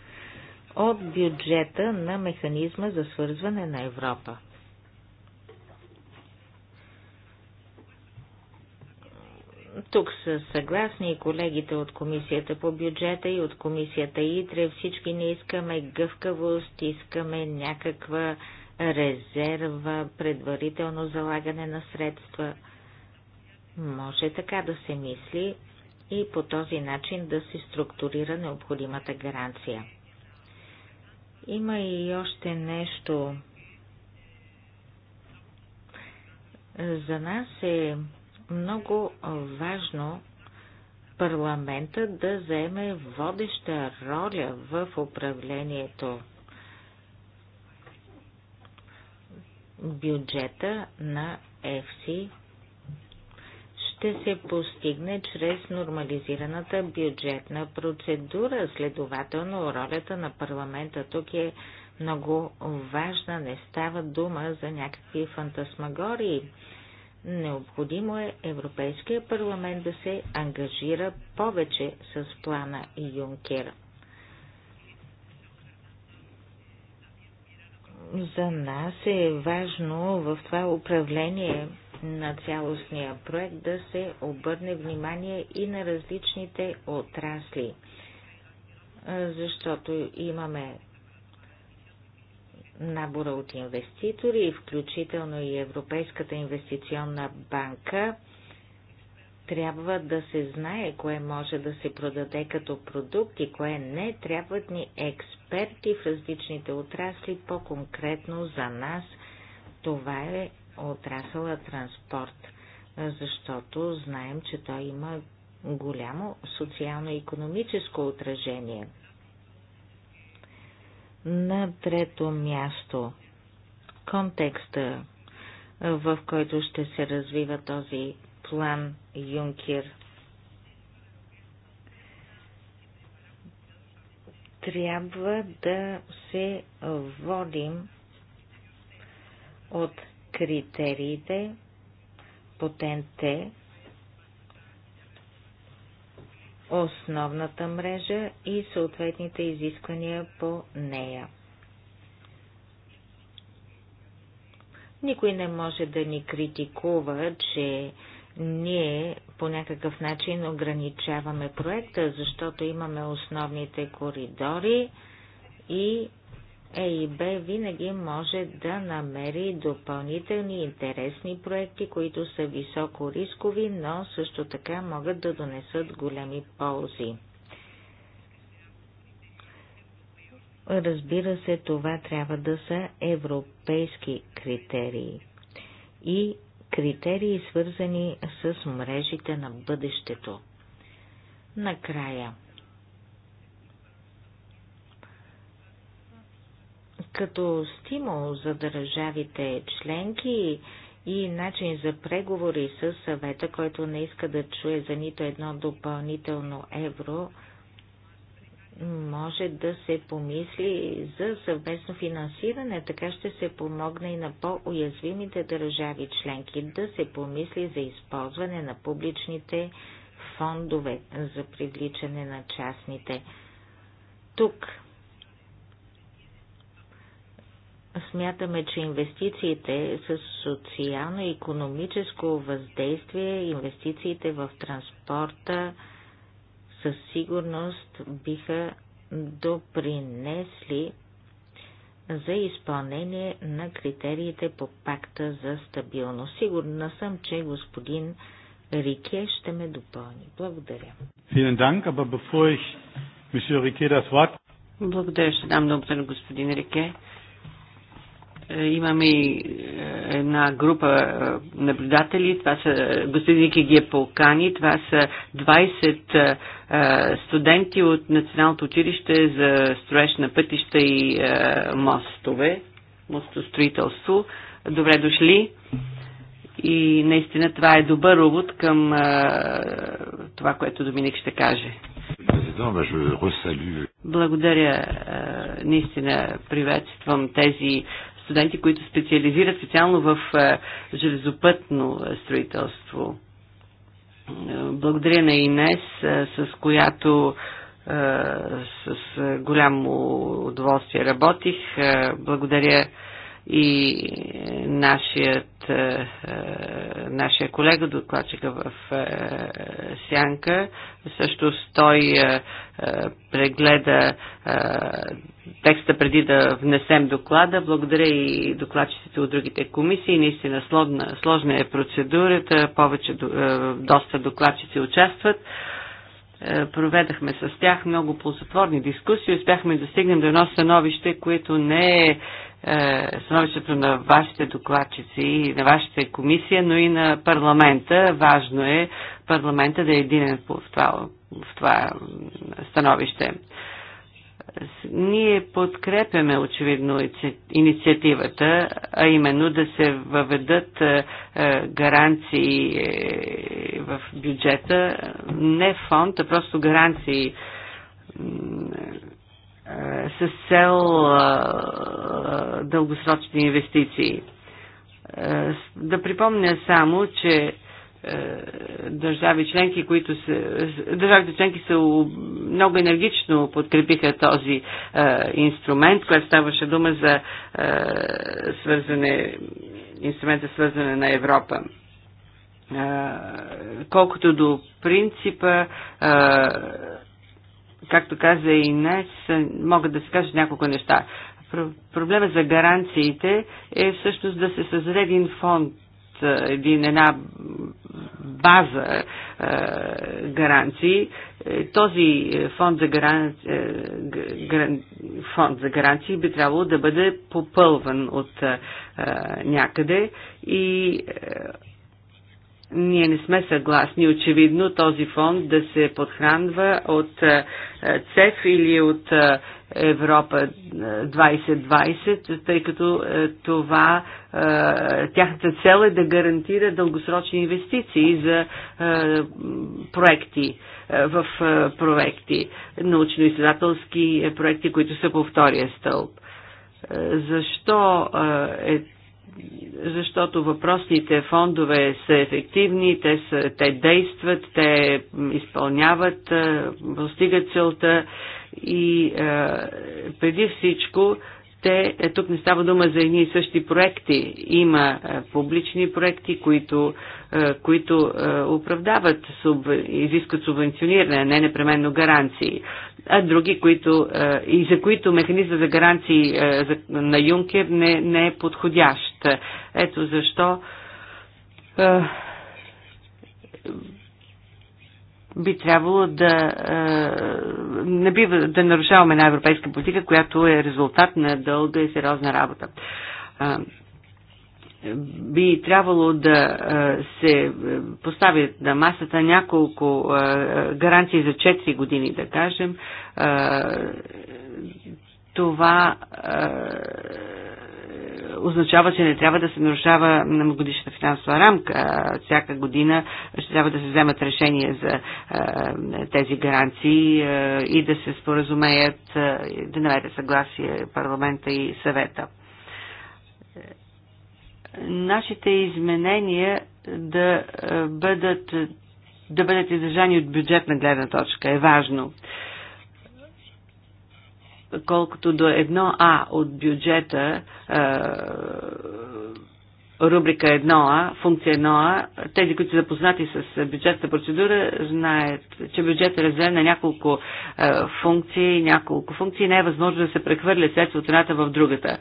от бюджета на механизма за свързване на Европа. Тук са съгласни и колегите от Комисията по бюджета и от Комисията ИТРЕ. Всички не искаме гъвкавост, искаме някаква резерва, предварително залагане на средства. Може така да се мисли и по този начин да се структурира необходимата гаранция. Има и още нещо. За нас е много важно парламента да заеме водеща роля в управлението. Бюджета на ЕФСИ ще се постигне чрез нормализираната бюджетна процедура. Следователно, ролята на парламента тук е много важна. Не става дума за някакви фантасмагории. Необходимо е Европейския парламент да се ангажира повече с плана Юнкер. За нас е важно в това управление на цялостния проект да се обърне внимание и на различните отрасли, защото имаме набора от инвеститори, включително и Европейската инвестиционна банка. Трябва да се знае кое може да се продаде като продукт и кое не. Трябват ни експерти в различните отрасли, по-конкретно за нас. Това е отрасъла транспорт, защото знаем, че той има голямо социално-економическо отражение. На трето място контекста, в който ще се развива този план Юнкер. Трябва да се водим от критериите по ТНТ, основната мрежа и съответните изисквания по нея. Никой не може да ни критикува, че ние по някакъв начин ограничаваме проекта, защото имаме основните коридори и ЕИБ винаги може да намери допълнителни интересни проекти, които са високо рискови, но също така могат да донесат големи ползи. Разбира се, това трябва да са европейски критерии и критерии свързани с мрежите на бъдещето. Накрая – като стимул за държавите членки и начин за преговори с съвета, който не иска да чуе за нито едно допълнително евро, може да се помисли за съвместно финансиране, така ще се помогне и на по-уязвимите държави членки да се помисли за използване на публичните фондове за привличане на частните. Тук Смятаме, че инвестициите с социално-економическо и въздействие, инвестициите в транспорта със сигурност биха допринесли за изпълнение на критериите по пакта за стабилност. Сигурна съм, че господин Рике ще ме допълни. Благодаря. Благодаря, ще дам думата на господин Рике. Е, имаме и е, една група е, наблюдатели, това са, господин Ники ги е полкани, това са 20 студенти от Националното училище за строеж на пътища и мостове, мостостроителство. Добре дошли! И наистина това е добър увод към това, което Доминик ще каже. Благодаря. Наистина приветствам тези студенти, които специализират специално в е, железопътно е, строителство. Благодаря на Инес, е, с която с голямо удоволствие работих. Благодаря и е, нашият, е, е, нашия колега докладчика в Сянка също той прегледа текста преди да внесем доклада. Благодаря и докладчиците от другите комисии. Наистина сложна, сложна е процедурата, повече доста докладчици участват проведахме с тях много ползотворни дискусии, успяхме да стигнем до едно становище, което не е е, становището на вашите докладчици и на вашата комисия, но и на парламента. Важно е парламента да е единен в това, в това становище. Ние подкрепяме очевидно инициативата, а именно да се въведат е, е, гаранции в бюджета, не фонд, а просто гаранции с цел дългосрочни инвестиции. Да припомня само, че държави членки, които се, държавите членки са много енергично подкрепиха този е, инструмент, който ставаше дума за е, свързане, инструмента свързане на Европа. Е, колкото до принципа, е, както каза и Инес, могат да се кажат няколко неща. Проблема за гаранциите е всъщност да се създаде един фонд, е, един, една база е, гаранции. Е, този фонд за, гаран... Е, гаран... фонд за гаранции би трябвало да бъде попълван от е, някъде и е, ние не сме съгласни, очевидно, този фонд да се подхранва от е, ЦЕФ или от е, Европа 2020, е, тъй като това тяхната цел е да гарантира дългосрочни инвестиции за проекти в проекти, научно-изследователски проекти, които са по втория стълб. Защо е защото въпросните фондове са ефективни, те, са, те действат, те изпълняват, е, постигат целта и е, преди всичко те, е, тук не става дума за едни и същи проекти. Има публични проекти, които е, които е, оправдават, изискват субвенциониране, не непременно гаранции, а други, които, е, и за които механизма за гаранции на Юнкер не, не е подходящ. Ето защо би трябвало да не бива да нарушаваме една европейска политика, която е резултат на дълга и сериозна работа би трябвало да е, се е, поставят на масата няколко е, гаранции за 4 години, да кажем. Това означава, че не трябва да се нарушава многогодишната финансова рамка. Всяка година ще трябва да се вземат решения за тези гаранции и да се споразумеят, да намерят съгласие парламента и съвета нашите изменения да е, бъдат да бъдат издържани от бюджетна гледна точка е важно. Колкото до едно а от бюджета, е, рубрика 1А, функция 1А, тези, които са запознати с бюджетната процедура, знаят, че бюджетът е разделен на няколко е, функции, няколко функции не е възможно да се прехвърля средства от едната в другата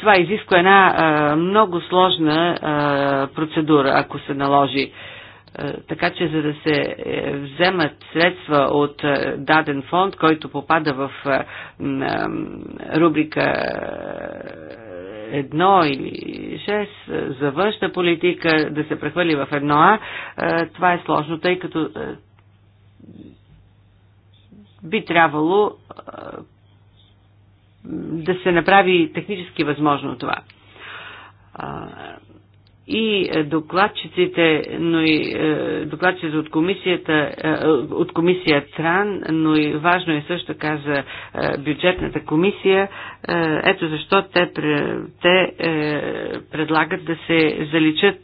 това изисква една а, много сложна а, процедура, ако се наложи. А, така че за да се е, вземат средства от а, даден фонд, който попада в а, а, рубрика едно или 6 за външна политика, да се прехвърли в едно а, това е сложно, тъй като би трябвало да се направи технически възможно това и е, докладчиците, но и е, докладчиците от комисията, е, от комисия Тран, но и важно е също така за бюджетната комисия. Ето защо те, те предлагат да се заличат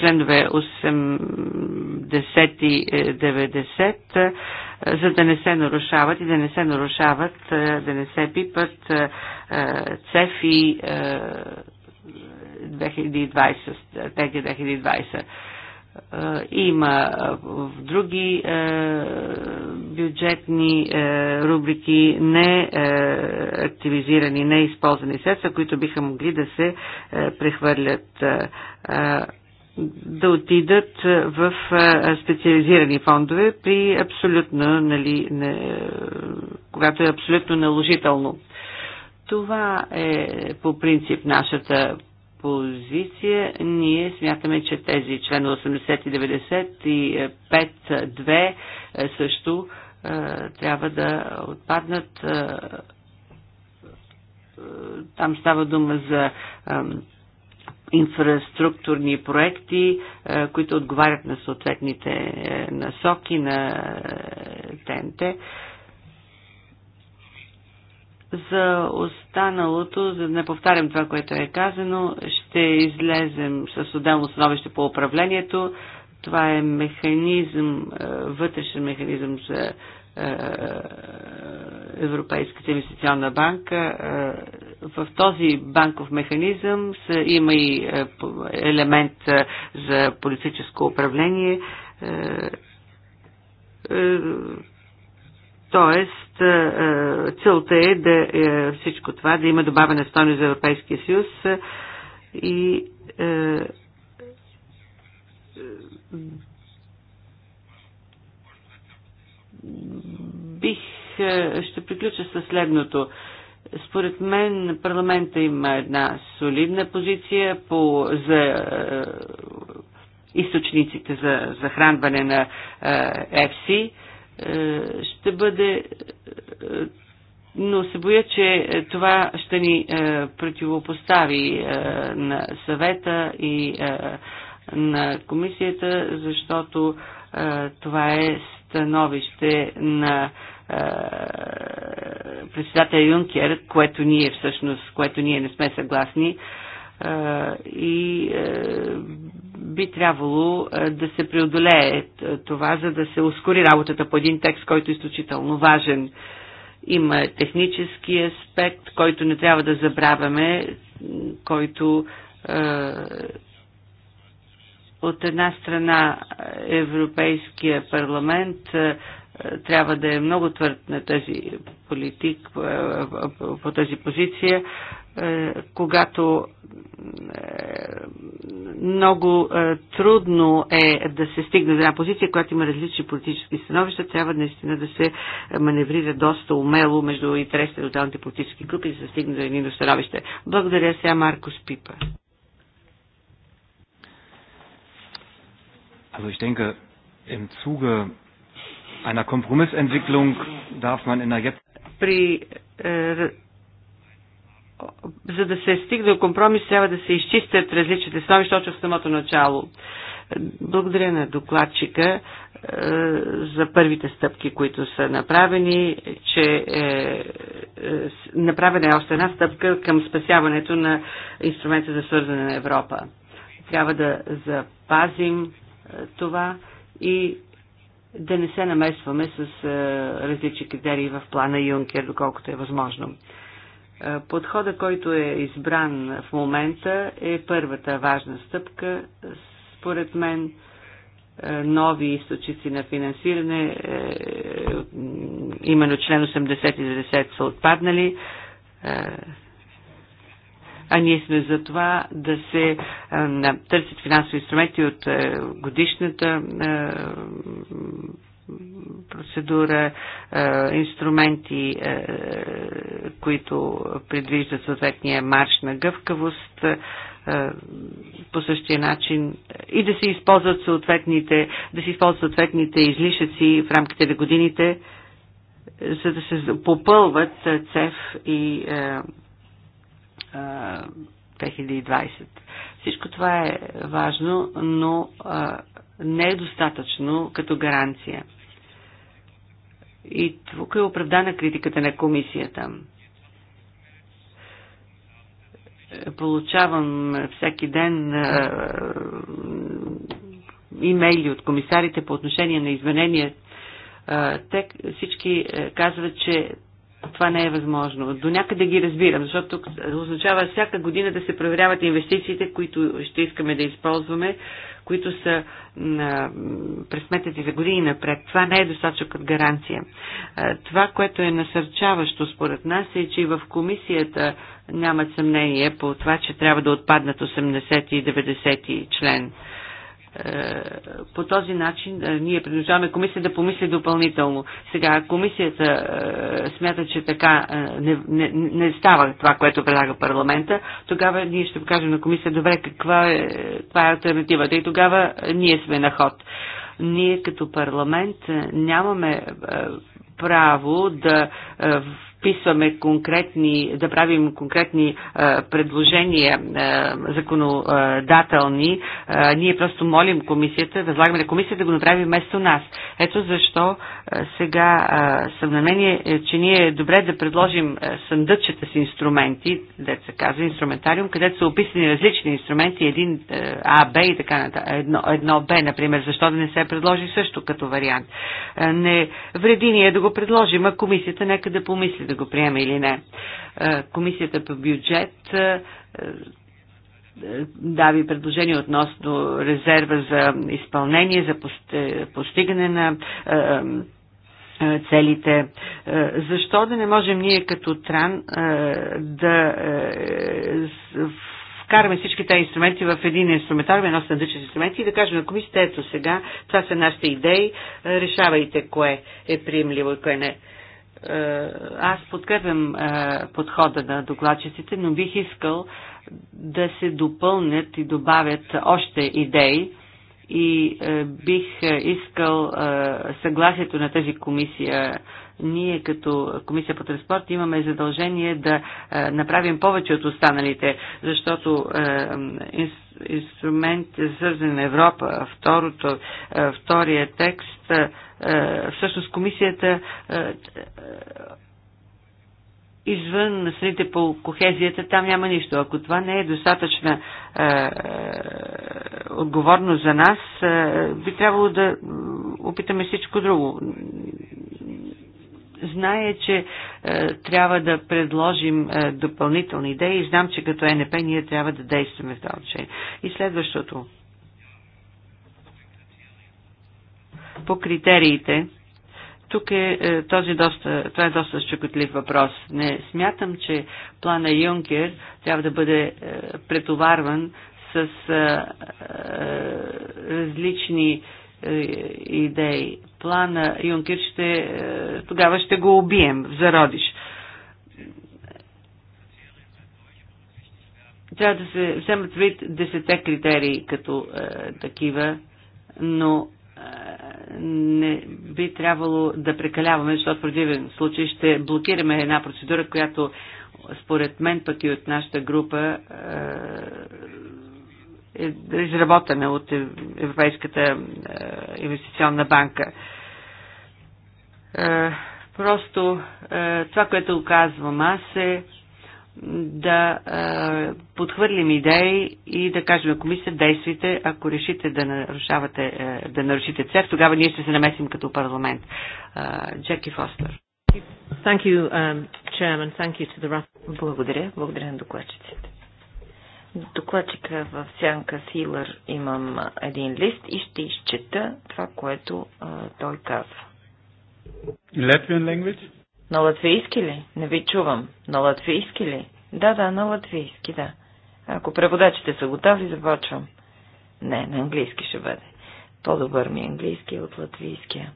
членове 80 и 90, за да не се нарушават и да не се нарушават, да не се пипат ЦЕФ и 2020, 2020 е, има е, в други е, бюджетни рубрики не активизирани, не използвани средства, които биха могли да се прехвърлят да отидат в специализирани фондове при абсолютно, нали, не, когато е абсолютно наложително. Това е по принцип нашата позиция. Ние смятаме, че тези члени 80 и 95-2 е, е, също е, трябва да отпаднат. Там става дума за инфраструктурни проекти, които отговарят на съответните насоки на ТНТ. За останалото, за да не повтарям това, което е казано, ще излезем с отделно становище по управлението. Това е механизъм, е, вътрешен механизъм за е, е, Европейската инвестиционна банка. В този банков механизъм има и елемент за политическо управление Тоест, е, е, целта е да е, всичко това да има добавена стойност за Европейския съюз е, и е, бих, ще приключа със следното. Според мен парламента има една солидна позиция по, за е, източниците за захранване на е, ЕФСИ. Е, ще бъде. Е, но се боя, че това ще ни е, противопостави на съвета и на комисията, защото това е становище на председателя Юнкер, което ние всъщност, което ние не сме съгласни, и е, би трябвало е, да се преодолее е, това, за да се ускори работата по един текст, който е изключително важен. Има технически аспект, който не трябва да забравяме, който от една страна Европейския парламент трябва да е много твърд на тази политик, по тази позиция, е, когато е, много е, трудно е да се стигне до една позиция, която има различни политически становища, трябва наистина да се маневрира доста умело между интересите на отделните политически групи и да се стигне до едно становище. Благодаря сега Маркус Пипа. Also ich denke, im Zuge einer Kompromissentwicklung darf man in der jetzt при за да се стигне до компромис, трябва да се изчистят различните становища още в самото начало. Благодаря на докладчика е, за първите стъпки, които са направени, че е, е направена е още една стъпка към спасяването на инструмента за свързане на Европа. Трябва да запазим е, това и да не се намесваме с различни критерии в плана Юнкер, доколкото е възможно. Е, подхода, който е избран в момента, е първата важна стъпка. Според мен, е, нови източници на финансиране, е, именно член 80 и 90 са отпаднали, а ние сме за това да се търсят финансови инструменти от годишната процедура, е, инструменти, е, които предвиждат съответния марш на гъвкавост, е, по същия начин и да се използват съответните, да се използват съответните излишъци в рамките на годините, за да се попълват ЦЕФ и 2020. Всичко това е важно, но не е достатъчно като гаранция. И тук е оправдана критиката на комисията. Получавам всеки ден имейли от комисарите по отношение на изменения. Те всички казват, че това не е възможно. До някъде ги разбирам, защото тук означава всяка година да се проверяват инвестициите, които ще искаме да използваме, които са на, пресметнати за години напред. Това не е достатъчно като гаранция. Това, което е насърчаващо според нас е, че и в комисията нямат съмнение по това, че трябва да отпаднат 80 и 90 член по този начин е, ние предложаваме комисията да помисли допълнително. Сега комисията е, смята, че така е, не, не, не става това, което предлага парламента, тогава ние ще покажем на комисията добре каква е, това е альтернативата и тогава ние сме на ход. Ние като парламент нямаме право да писваме конкретни, да правим конкретни а, предложения а, законодателни. А, ние просто молим комисията, възлагаме на комисията да го направи вместо нас. Ето защо а, сега а, съм на мнение, е, че ние е добре да предложим съндъчета с инструменти, деца се казва инструментариум, където са описани различни инструменти, един е, А, Б и така нататък, едно, едно Б, например, защо да не се предложи също като вариант. Не вреди ние да го предложим, а комисията нека да помисли да го приеме или не. Е, комисията по бюджет е, е, дави предложение относно резерва за изпълнение, за постигане на целите. Защо да не можем ние като Тран да вкараме всички тези инструменти в един инструментариум, едно стандартични инструменти и да кажем на комисията, ето сега, това са нашите идеи, решавайте кое е приемливо и кое не. Е е, аз подкрепям е, подхода на докладчиците, но бих искал да се допълнят и добавят още идеи и е, бих искал съгласието на тази комисия. Ние като Комисия по транспорт имаме задължение да направим повече от останалите, защото инструмент за Европа, второто, втория текст е, всъщност комисията е, е, извън страните по кохезията, там няма нищо. Ако това не е достатъчна е, отговорност за нас, е, би трябвало да опитаме всичко друго. Знае, че е, трябва да предложим е, допълнителни идеи и знам, че като ЕНП ние трябва да действаме в това отношение. И следващото по критериите. Тук е, е, този доста, това е доста щекотлив въпрос. Не смятам, че плана Юнкер трябва да бъде е, претоварван с е, е, различни е, идеи. Плана Юнкер ще, е, тогава ще го убием в зародиш. Трябва да се вземат вид десете критерии като е, такива, но не би трябвало да прекаляваме, защото в противен случай ще блокираме една процедура, която според мен пък и от нашата група е, е изработена от Европейската е, инвестиционна банка. Е, просто това, което казвам аз е да а, подхвърлим идеи и да кажем, ако мисля, действайте, ако решите да, нарушавате, а, да нарушите ЦЕР, тогава ние ще се намесим като парламент. А, Джеки Фостер. Thank you, um, chairman. Thank you to the... Благодаря. Благодаря на докладчиците. Докладчика в сянка Силър имам един лист и ще изчета това, което а, той казва. In Latvian language? На латвийски ли? Не ви чувам. На латвийски ли? Да, да, на латвийски, да. Ако преводачите са готови, започвам. Не, на английски ще бъде. По-добър ми е английски от латвийския.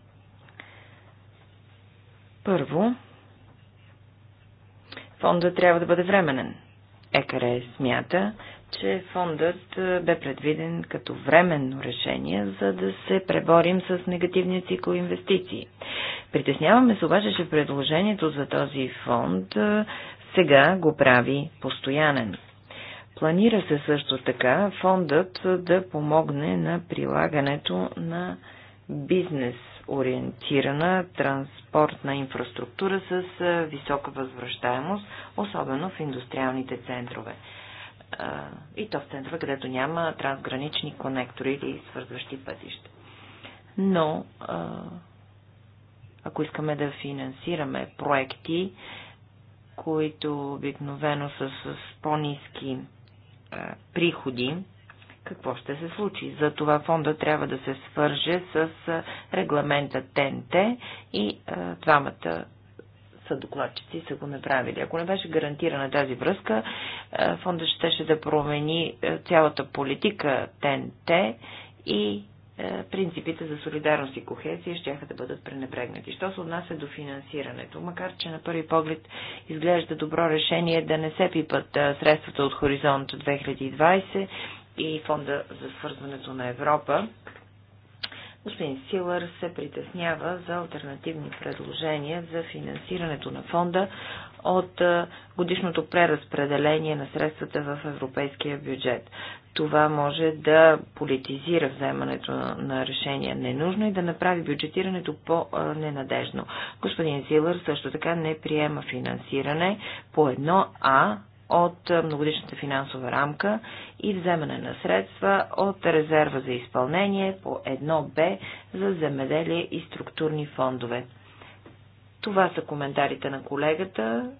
Първо, фонда трябва да бъде временен. екаре смята, че фондът е, бе предвиден като временно решение, за да се преборим с негативния цикл инвестиции. Притесняваме се обаче, че предложението за този фонд е, сега го прави постоянен. Планира се също така фондът е, да помогне на прилагането на бизнес ориентирана транспортна инфраструктура с висока възвръщаемост, особено в индустриалните центрове и то в центрове, където няма трансгранични конектори или свързващи пътища. Но, ако искаме да финансираме проекти, които обикновено са с по-низки приходи, какво ще се случи. За това фонда трябва да се свърже с регламента ТНТ и двамата са докладчици са го направили. Ако не беше гарантирана тази връзка, е, фонда щеше да промени е, цялата политика ТНТ и е, принципите за солидарност и кохезия ще да бъдат пренебрегнати. Що се отнася до финансирането? Макар, че на първи поглед изглежда добро решение да не се пипат средствата от Хоризонт 2020 и фонда за свързването на Европа, Господин Силър се притеснява за альтернативни предложения за финансирането на фонда от годишното преразпределение на средствата в европейския бюджет. Това може да политизира вземането на решения ненужно и е да направи бюджетирането по-ненадежно. Господин Зилър също така не приема финансиране по едно А от многодишната финансова рамка и вземане на средства от резерва за изпълнение по 1Б за земеделие и структурни фондове. Това са коментарите на колегата.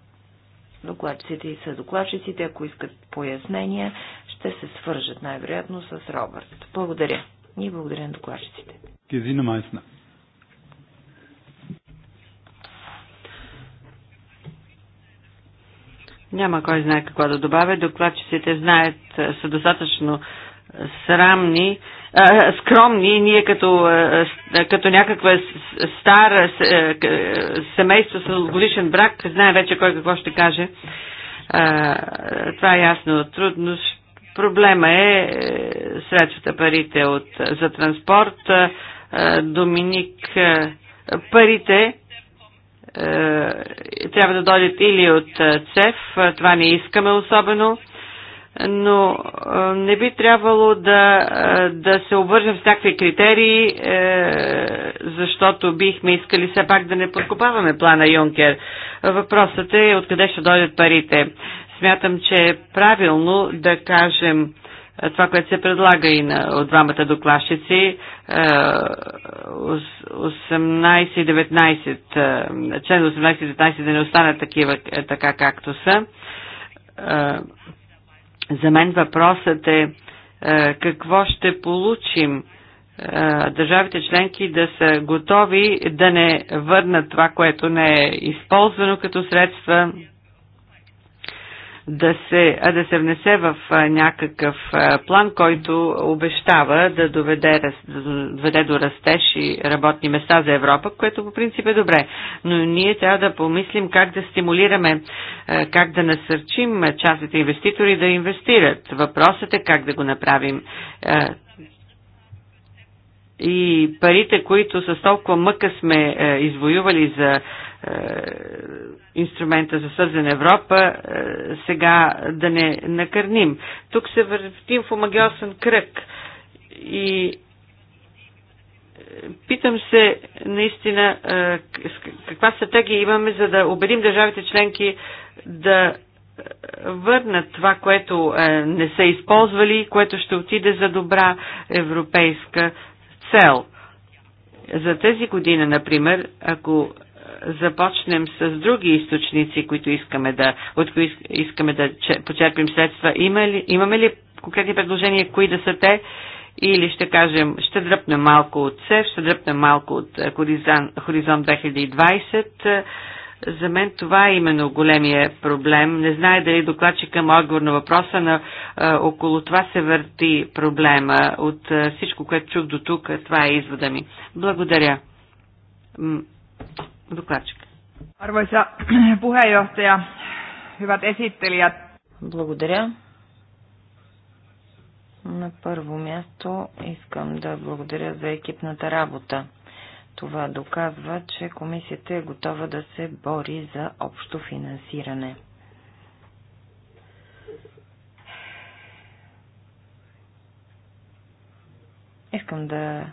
Докладчиците и са докладчиците, ако искат пояснения, ще се свържат най-вероятно с Робърт. Благодаря. И благодаря на докладчиците. Кезина Майсна. Няма кой знае какво да добавя. Докладчиците знаят, са достатъчно срамни, а, скромни. Ние като, а, като някаква стара семейство с годишен брак, знае вече кой какво ще каже. А, това е ясно. Трудно. Проблема е, е средствата, парите от, за транспорт. Доминик, парите е, трябва да дойдат или от е, ЦЕФ, е, това не искаме особено, но не би трябвало да, да се обвържем с всякакви критерии, защото бихме искали все пак да не подкопаваме плана Юнкер. Въпросът е откъде ще дойдат парите. Смятам, че е правилно да кажем, е, това, което се предлага и на, от двамата докладчици, 18-19, е, е, член 18-19 да не останат такива, така както са. За мен въпросът е какво ще получим държавите членки да са готови да не върнат това, което не е използвано като средства да се, да се внесе в някакъв план, който обещава да доведе, да доведе до растеж и работни места за Европа, което по принцип е добре. Но ние трябва да помислим как да стимулираме, как да насърчим частните инвеститори да инвестират. Въпросът е как да го направим и парите, които с толкова мъка сме извоювали за е, инструмента за свързана Европа, е, сега да не накърним. Тук се въртим в омагиосен кръг и е, питам се наистина каква стратегия имаме, за да убедим държавите членки да върнат това, което не са използвали, което ще отиде за добра европейска цел. За тези години, например, ако започнем с други източници, които искаме да, от които искаме да почерпим средства. Има ли, имаме ли конкретни предложения, кои да са те? Или ще кажем, ще дръпнем малко от СЕВ, ще дръпнем малко от е, Хоризонт хоризон 2020. Е, за мен това е именно големия проблем. Не знае дали докладчи към отговор на въпроса, но а, е, около това се върти проблема. От а, всичко, което чух до тук, това е извода ми. Благодаря. Докладчик. Arvoisa puheenjohtaja, hyvät esittelijät. Благодаря. На първо място искам да благодаря за екипната работа. Това доказва, че комисията е готова да се бори за общо финансиране. Искам да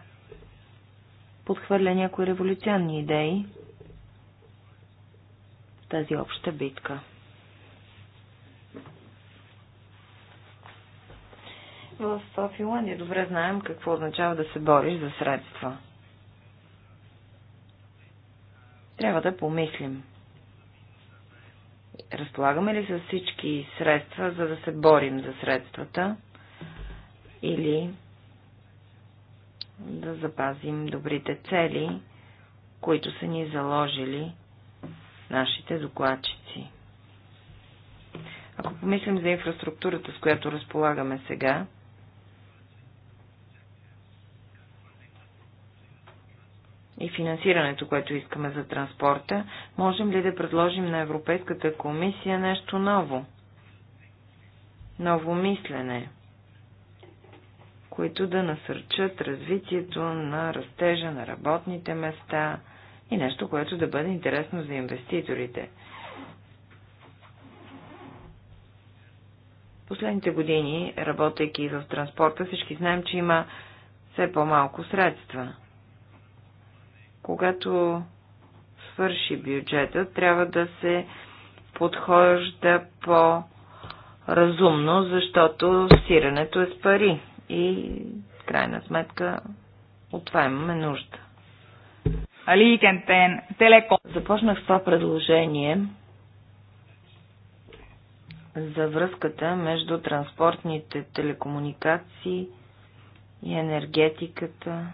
подхвърля някои революционни идеи, тази обща битка. В Финландия добре знаем какво означава да се бориш за средства. Трябва да помислим. Разполагаме ли с всички средства, за да се борим за средствата? Или да запазим добрите цели, които са ни заложили нашите докладчици. Ако помислим за инфраструктурата, с която разполагаме сега, и финансирането, което искаме за транспорта, можем ли да предложим на Европейската комисия нещо ново? Ново мислене, които да насърчат развитието на растежа на работните места, и нещо, което да бъде интересно за инвеститорите. Последните години, работейки в транспорта, всички знаем, че има все по-малко средства. Когато свърши бюджета, трябва да се подхожда по-разумно, защото сирането е с пари и в крайна сметка от това имаме нужда. Започнах с това предложение за връзката между транспортните телекомуникации и енергетиката.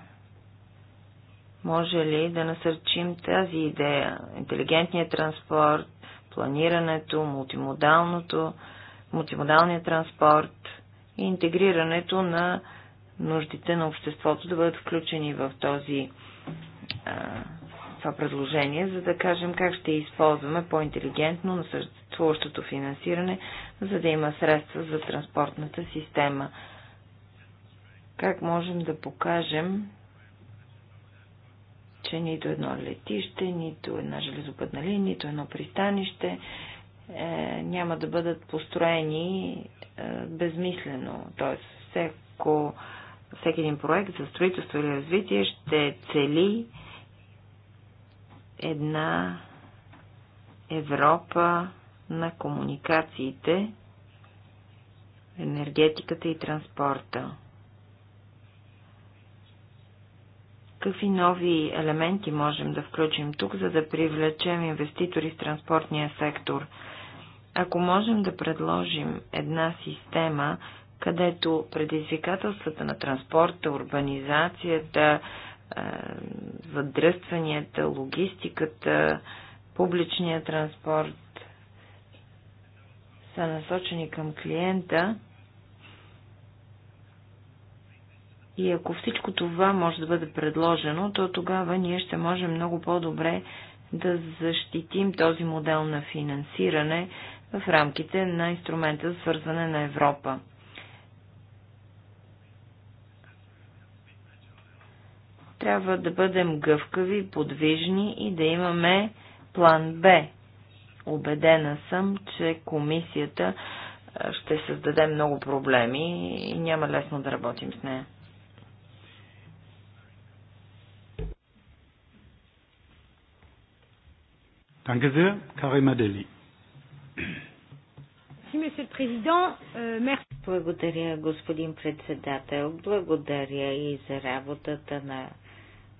Може ли да насърчим тази идея? Интелигентният транспорт, планирането, мултимодалното, мултимодалният транспорт и интегрирането на нуждите на обществото да бъдат включени в този това предложение, за да кажем как ще използваме по-интелигентно на съществуващото финансиране, за да има средства за транспортната система. Как можем да покажем, че нито едно летище, нито една железопътна линия, нито едно пристанище е, няма да бъдат построени е, безмислено. Тоест, всеко, всеки един проект за строителство или развитие ще цели е, една Европа на комуникациите, енергетиката и транспорта. Какви нови елементи можем да включим тук, за да привлечем инвеститори в транспортния сектор? Ако можем да предложим една система, където предизвикателствата на транспорта, урбанизацията, задръстванията, логистиката, публичния транспорт са насочени към клиента. И ако всичко това може да бъде предложено, то тогава ние ще можем много по-добре да защитим този модел на финансиране в рамките на инструмента за свързване на Европа. Трябва да бъдем гъвкави, подвижни и да имаме план Б. Обедена съм, че комисията ще създаде много проблеми и няма лесно да работим с нея. Danke sehr, Karima euh, Благодаря, господин председател. Благодаря и за работата на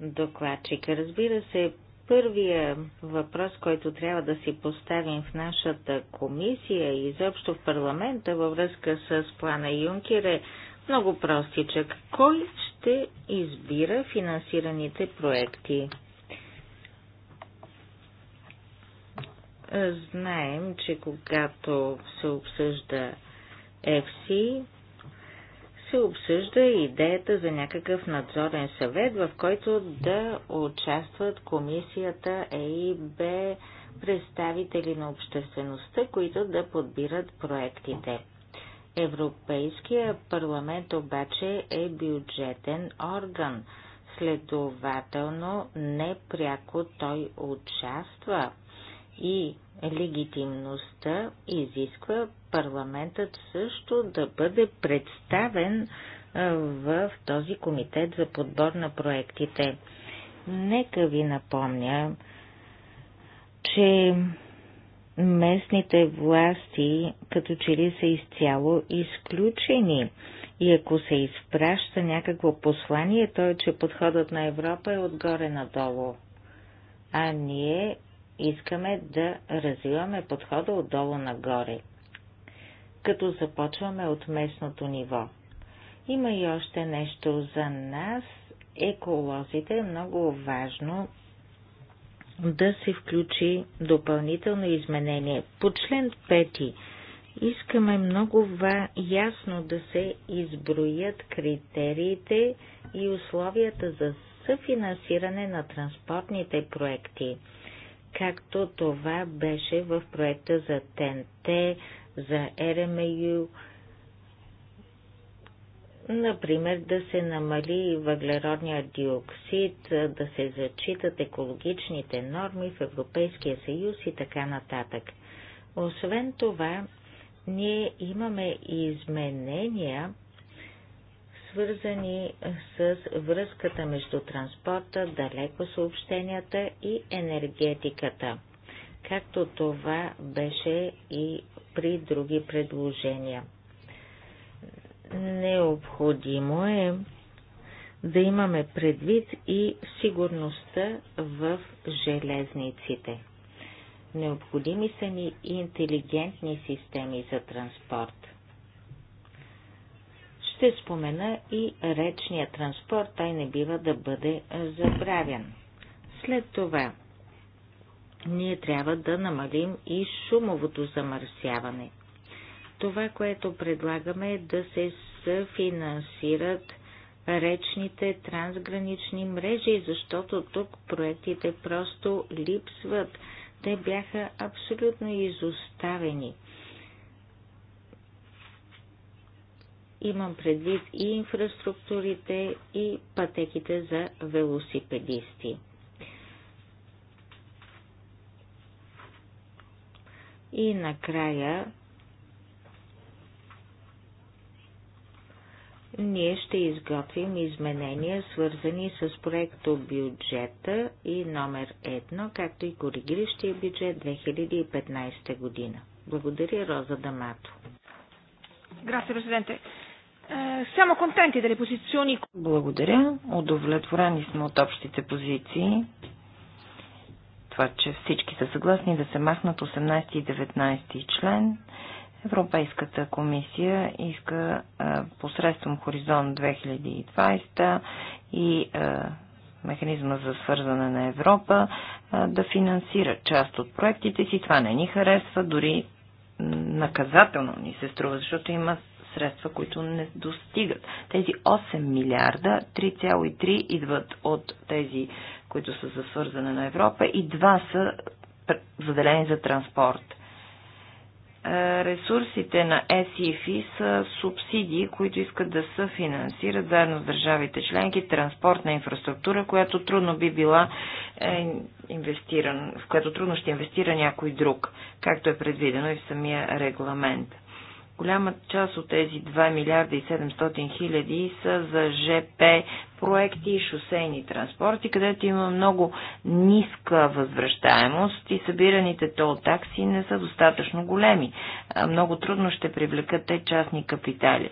докладчика. Разбира се, първия въпрос, който трябва да си поставим в нашата комисия и изобщо в парламента във връзка с плана Юнкер е много простичък. Кой ще избира финансираните проекти? Знаем, че когато се обсъжда FC, се обсъжда идеята за някакъв надзорен съвет, в който да участват комисията е Б представители на обществеността, които да подбират проектите. Европейския парламент обаче е бюджетен орган, следователно непряко той участва и легитимността изисква парламентът също да бъде представен в този комитет за подбор на проектите. Нека ви напомня, че местните власти като че ли са изцяло изключени. И ако се изпраща някакво послание, то е, че подходът на Европа е отгоре надолу. А ние искаме да развиваме подхода отдолу нагоре, като започваме от местното ниво. Има и още нещо за нас, еколозите, е много важно да се включи допълнително изменение. По член 5 искаме много ва, ясно да се изброят критериите и условията за съфинансиране на транспортните проекти както това беше в проекта за ТНТ, за РМЮ, Например, да се намали въглеродния диоксид, да се зачитат екологичните норми в Европейския съюз и така нататък. Освен това, ние имаме изменения свързани с връзката между транспорта, далеко съобщенията и енергетиката, както това беше и при други предложения. Необходимо е да имаме предвид и сигурността в железниците. Необходими са ни интелигентни системи за транспорт – ще спомена и речния транспорт, той не бива да бъде забравен. След това ние трябва да намалим и шумовото замърсяване. Това, което предлагаме е да се съфинансират речните трансгранични мрежи, защото тук проектите просто липсват. Те бяха абсолютно изоставени – Имам предвид и инфраструктурите, и пътеките за велосипедисти. И накрая ние ще изготвим изменения, свързани с проекто бюджета и номер 1, както и коригиращия бюджет 2015 година. Благодаря, Роза Дамато. Grazie Presidente. Е, Само контенти дали позициони. Благодаря. Удовлетворени сме от общите позиции. Това, че всички са съгласни да се махнат 18 и 19 член. Европейската комисия иска а, е, посредством Хоризонт 2020 и а, е, механизма за свързване на Европа а, да финансира част от проектите си. Това не ни харесва, дори наказателно ни се струва, защото има средства, които не достигат. Тези 8 милиарда, 3,3 идват от тези, които са за свързане на Европа и 2 са заделени за транспорт. Е, ресурсите на ЕСИФИ са субсидии, които искат да се финансират заедно с държавите членки транспортна инфраструктура, която трудно би била е, инвестиран, в която трудно ще инвестира някой друг, както е предвидено и в самия регламент. Голяма част от тези 2 милиарда и 700 хиляди са за ЖП проекти и шосейни транспорти, където има много ниска възвръщаемост и събираните тол такси не са достатъчно големи. Много трудно ще привлекат те частни капитали.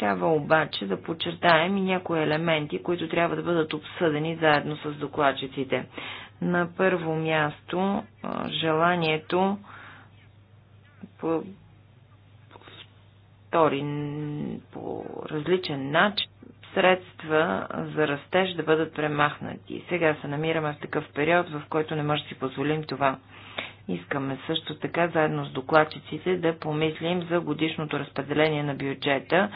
Трябва обаче да подчертаем и някои елементи, които трябва да бъдат обсъдени заедно с докладчиците. На първо място желанието по, втори, по различен начин средства за растеж да бъдат премахнати. Сега се намираме в такъв период, в който не може да си позволим това. Искаме също така, заедно с докладчиците, да помислим за годишното разпределение на бюджета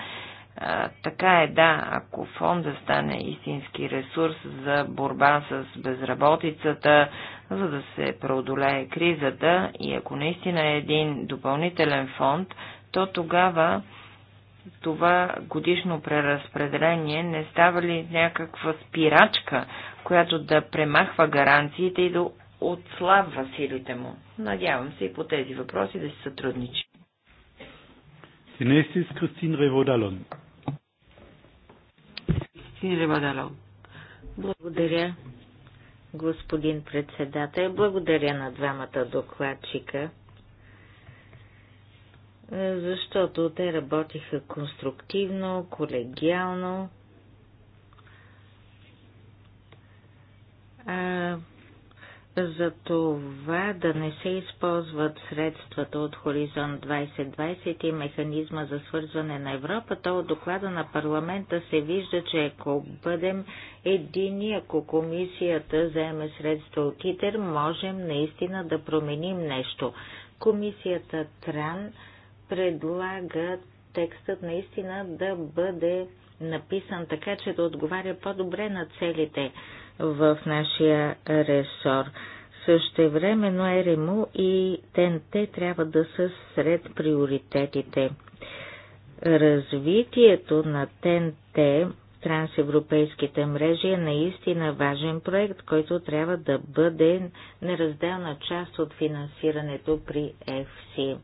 така е, да, ако фонда стане истински ресурс за борба с безработицата, за да се преодолее кризата и ако наистина е един допълнителен фонд, то тогава това годишно преразпределение не става ли някаква спирачка, която да премахва гаранциите и да отслабва силите му? Надявам се и по тези въпроси да си сътрудничи. Зunächst ist Christine revaud Kristin Ревадалов. Благодаря, господин председател. Благодаря на двамата докладчика, защото те работиха конструктивно, колегиално. А, за това да не се използват средствата от Хоризонт 2020 и механизма за свързване на Европа, то от доклада на парламента се вижда, че ако бъдем едини, ако комисията заеме средства от ИТЕР, можем наистина да променим нещо. Комисията Тран предлага текстът наистина да бъде написан така, че да отговаря по-добре на целите в нашия ресор. Също но РМУ и ТНТ трябва да са сред приоритетите. Развитието на ТНТ, трансевропейските мрежи, е наистина важен проект, който трябва да бъде неразделна част от финансирането при ЕФСИ.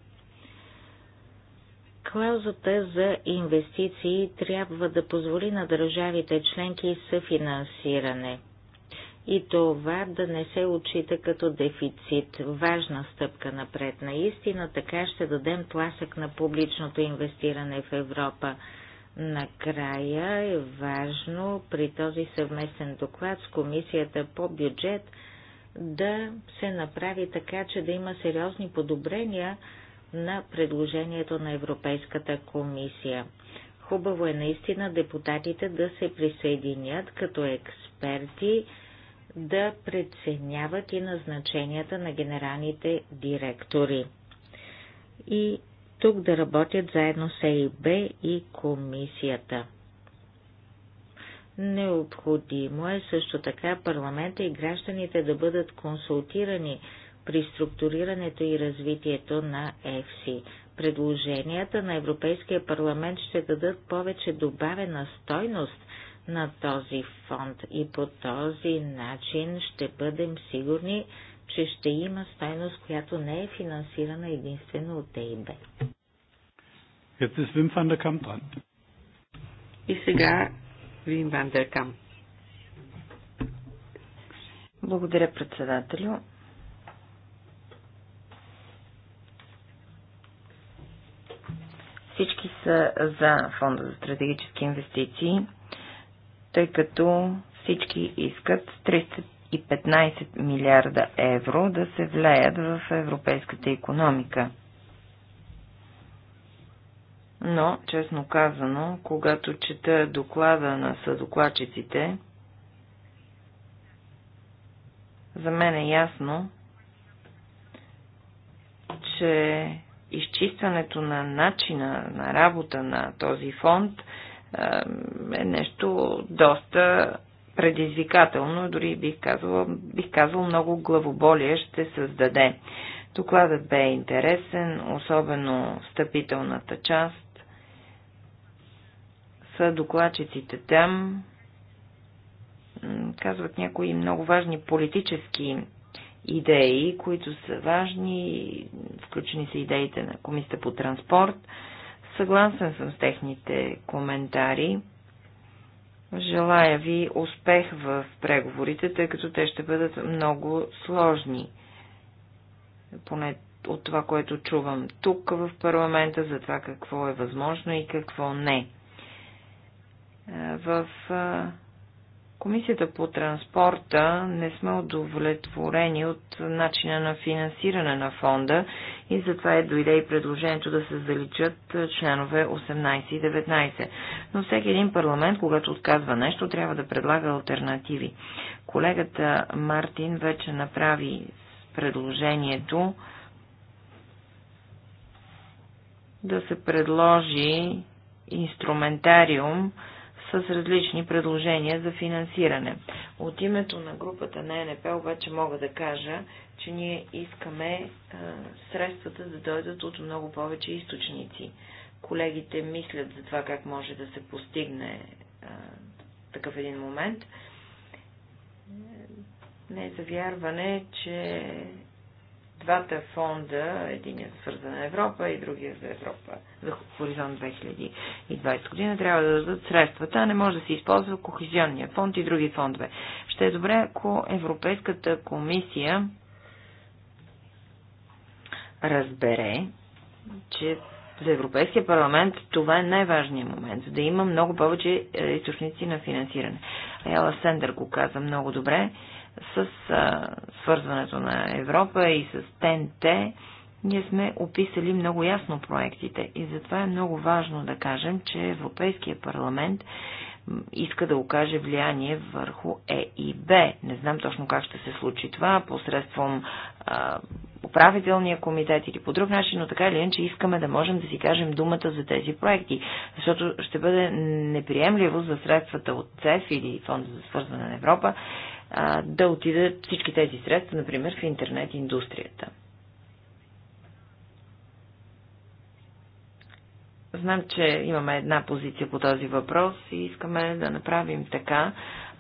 Клаузата за инвестиции трябва да позволи на държавите членки съфинансиране. И това да не се отчита като дефицит. Важна стъпка напред. Наистина така ще дадем тласък на публичното инвестиране в Европа. Накрая е важно при този съвместен доклад с Комисията по бюджет да се направи така, че да има сериозни подобрения на предложението на Европейската комисия. Хубаво е наистина депутатите да се присъединят като експерти, да преценяват и назначенията на генералните директори. И тук да работят заедно с ЕИБ и комисията. Необходимо е също така парламента и гражданите да бъдат консултирани при структурирането и развитието на ЕФСИ. Предложенията на Европейския парламент ще дадат повече добавена стойност на този фонд и по този начин ще бъдем сигурни, че ще има стойност, която не е финансирана единствено от ЕИБ. И сега Вим Вандеркам. Благодаря, председателю. Всички са за Фонда за стратегически инвестиции, тъй като всички искат 315 милиарда евро да се влеят в европейската економика. Но, честно казано, когато чета доклада на съдокладчиците, за мен е ясно, че изчистването на начина на работа на този фонд е нещо доста предизвикателно, дори бих казал, бих казал много главоболие ще създаде. Докладът бе интересен, особено стъпителната част. Са докладчиците там, казват някои много важни политически идеи, които са важни. Включени са идеите на Комисията по транспорт. Съгласен съм с техните коментари. Желая ви успех в преговорите, тъй като те ще бъдат много сложни. Поне от това, което чувам тук в парламента, за това какво е възможно и какво не. В Комисията по транспорта не сме удовлетворени от начина на финансиране на фонда и затова е дойде и предложението да се заличат членове 18 и 19. Но всеки един парламент, когато отказва нещо, трябва да предлага альтернативи. Колегата Мартин вече направи предложението да се предложи инструментариум, с различни предложения за финансиране. От името на групата на НП обаче мога да кажа, че ние искаме а, средствата да дойдат от много повече източници. Колегите мислят за това как може да се постигне а, такъв един момент. Не е за вярване, че двата фонда, един свързан на Европа и другия за Европа, за Хоризонт 2020 година, трябва да дадат средствата, а не може да се използва Кохезионния фонд и други фондове. Ще е добре, ако Европейската комисия разбере, че за Европейския парламент това е най-важният момент, за да има много повече е, източници на финансиране. Ела Сендър го каза много добре с а, свързването на Европа и с ТНТ, ние сме описали много ясно проектите и затова е много важно да кажем, че Европейския парламент иска да окаже влияние върху Е и Б. Не знам точно как ще се случи това, посредством а, управителния комитет или по друг начин, но така или иначе искаме да можем да си кажем думата за тези проекти, защото ще бъде неприемливо за средствата от ЦЕФ или Фонда за свързване на Европа а, да отидат всички тези средства, например, в интернет индустрията. Знам, че имаме една позиция по този въпрос и искаме да направим така,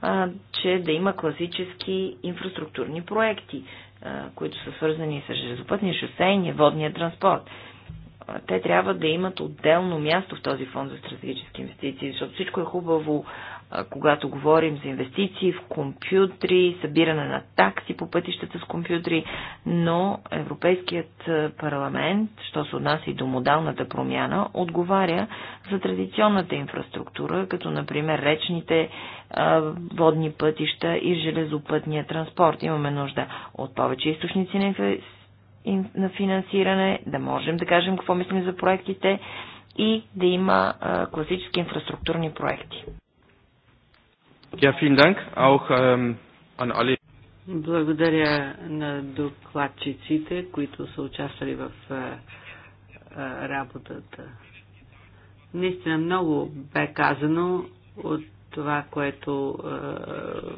а, че да има класически инфраструктурни проекти, а, които са свързани с железопътния шосейни и водния транспорт. Те трябва да имат отделно място в този фонд за стратегически инвестиции, защото всичко е хубаво когато говорим за инвестиции в компютри, събиране на такси по пътищата с компютри, но Европейският парламент, що се отнася и до модалната промяна, отговаря за традиционната инфраструктура, като например речните водни пътища и железопътния транспорт. Имаме нужда от повече източници на, на финансиране, да можем да кажем какво мислим за проектите и да има класически инфраструктурни проекти. Ja, vielen Dank auch ähm, an alle. Благодаря на докладчиците, които са участвали в е, е, работата. Наистина много бе казано от това, което а, е,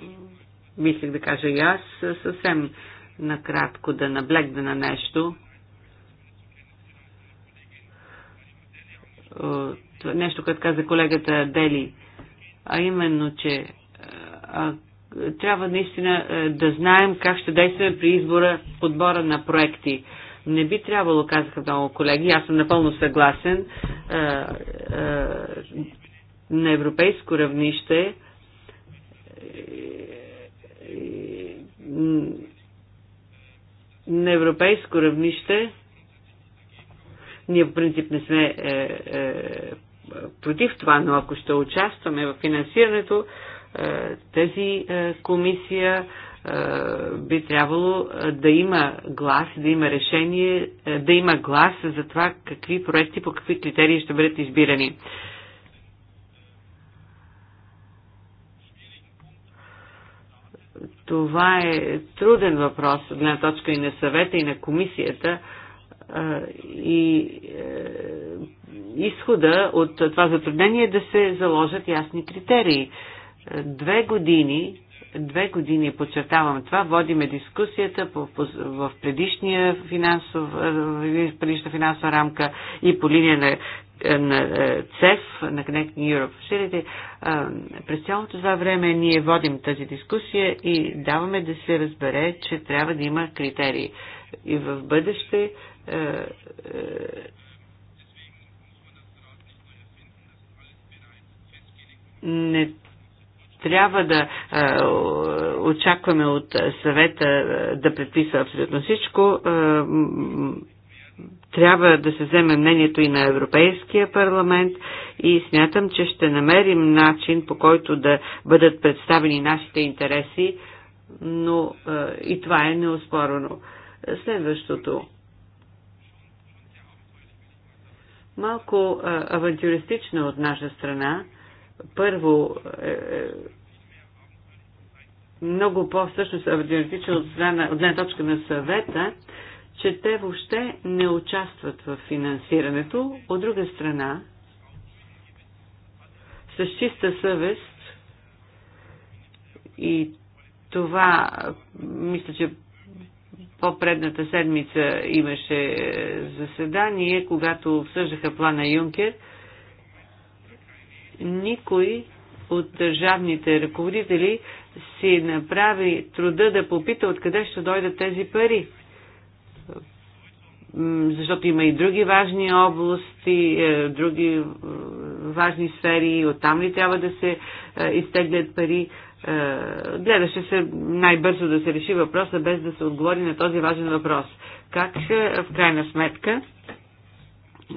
мислех да кажа и аз, съвсем накратко да наблегна на нещо. Нещо, което каза колегата Дели, а именно, че трябва наистина е, да знаем как ще действаме при избора, подбора на проекти. Не би трябвало, казаха много колеги, аз съм напълно съгласен, е, е, на европейско равнище на европейско равнище ние в принцип не сме е, е, против това, но ако ще участваме в финансирането, е, е, тази е, комисия е, би трябвало да има глас, да има решение, да има глас за това какви проекти по какви критерии ще бъдат избирани. Това е труден въпрос от една точка и на съвета, и на комисията. И изхода от това затруднение е да се заложат ясни критерии Две години, две години подчертавам това, водиме дискусията в предишния финансов, е, предишна финансова рамка и по линия на на е, ЦЕФ, на Connecting Europe Facility. Е, през цялото това време ние водим тази дискусия и даваме да се разбере, че трябва да има критерии. И в бъдеще е, е, не трябва да а, е, очакваме от съвета е, да предписва абсолютно всичко. А, е, трябва да се вземе мнението и на Европейския парламент и смятам, че ще намерим начин по който да бъдат представени нашите интереси, но а, и това е неоспорено. Следващото. Малко а, авантюристично от наша страна, първо, е, е, много по-всъщност авантюристичен от, една от точка на съвета, че те въобще не участват в финансирането. От друга страна, с чиста съвест и това, мисля, че по-предната седмица имаше е, заседание, когато обсъждаха плана Юнкер – никой от държавните ръководители си направи труда да попита откъде ще дойдат тези пари. Защото има и други важни области, е, други е, важни сфери, оттам ли трябва да се е, изтеглят пари. Гледаше се най-бързо да се реши въпроса, без да се отговори на този важен въпрос. Как в крайна сметка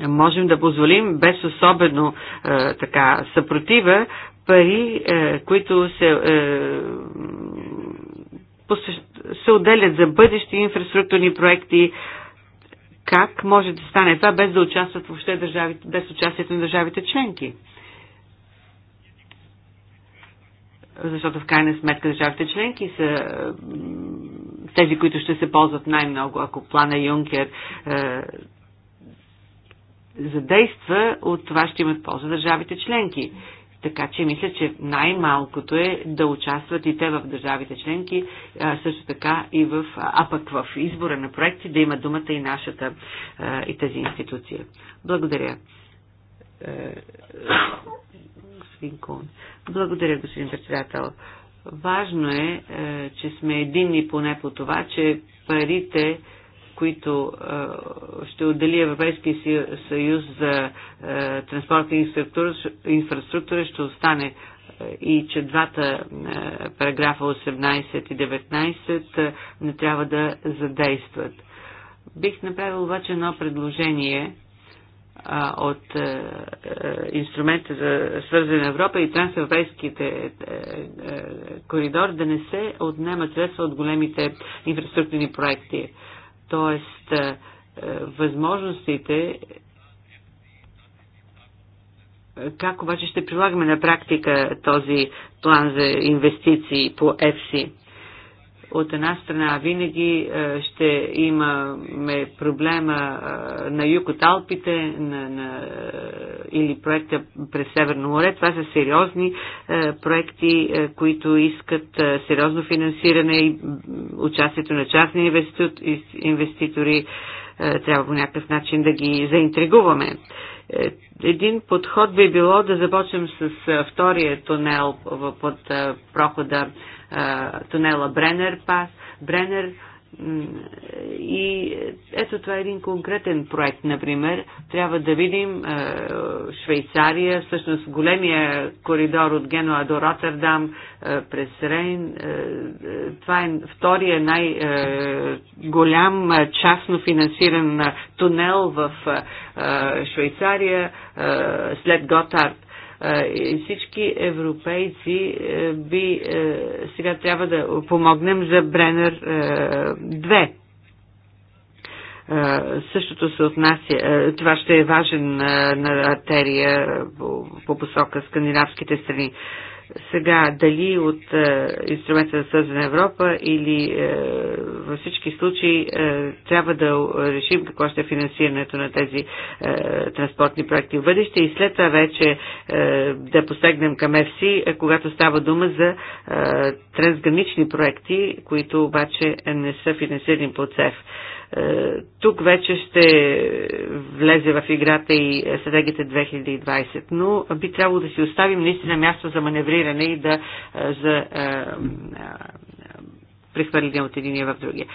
можем да позволим без особено е, така съпротива пари, е, които се, е, се отделят за бъдещи инфраструктурни проекти. Как може да стане това без да участват въобще държавите, без участието на държавите членки? Защото в крайна сметка държавите членки са е, тези, които ще се ползват най-много, ако плана Юнкер е, задейства, от това ще имат полза държавите членки. Така че мисля, че най-малкото е да участват и те в държавите членки, също така и в, а пък в избора на проекти да има думата и нашата и тази институция. Благодаря. Е, господин Кун. Благодаря, господин председател. Важно е, е, че сме единни поне по това, че парите които ще отдели Европейския съюз за транспортна инфраструктура, ще остане и че двата параграфа 18 и 19 не трябва да задействат. Бих направил обаче едно предложение от инструмента за свързане на Европа и трансевропейските коридор да не се отнемат средства от големите инфраструктурни проекти. Тоест, е, е, възможностите е, как обаче ще прилагаме на практика този план за инвестиции по ЕФСИ? От една страна винаги е, ще имаме проблема е, на юг от Алпите на, на, е, или проекта през Северно море. Това са сериозни проекти, които искат сериозно финансиране и участието на частни инвеститори. Трябва по някакъв начин да ги заинтригуваме. Един подход би било да започнем с втория тунел под прохода тунела Бренер пас, Бренер и ето това е един конкретен проект, например. Трябва да видим Швейцария, всъщност големия коридор от Генуа до Роттердам през Рейн. Това е втория най-голям частно финансиран тунел в Швейцария след Готард и всички европейци е, би е, сега трябва да помогнем за Бренер 2 е, същото се отнася, това ще е важен на артерия по, по посока скандинавските страни. Сега, дали от е, инструмента за свързана Европа или е, във всички случаи е, трябва да решим какво ще е финансирането на тези транспортни проекти в бъдеще и след това вече да постегнем към FC, когато става дума за трансгранични проекти, които обаче не са финансирани по ЦЕФ. Е, тук вече ще влезе в играта и стратегията 2020, но би трябвало да си оставим наистина място за маневриране и да, е, за е, прехвърлени от единия в другия.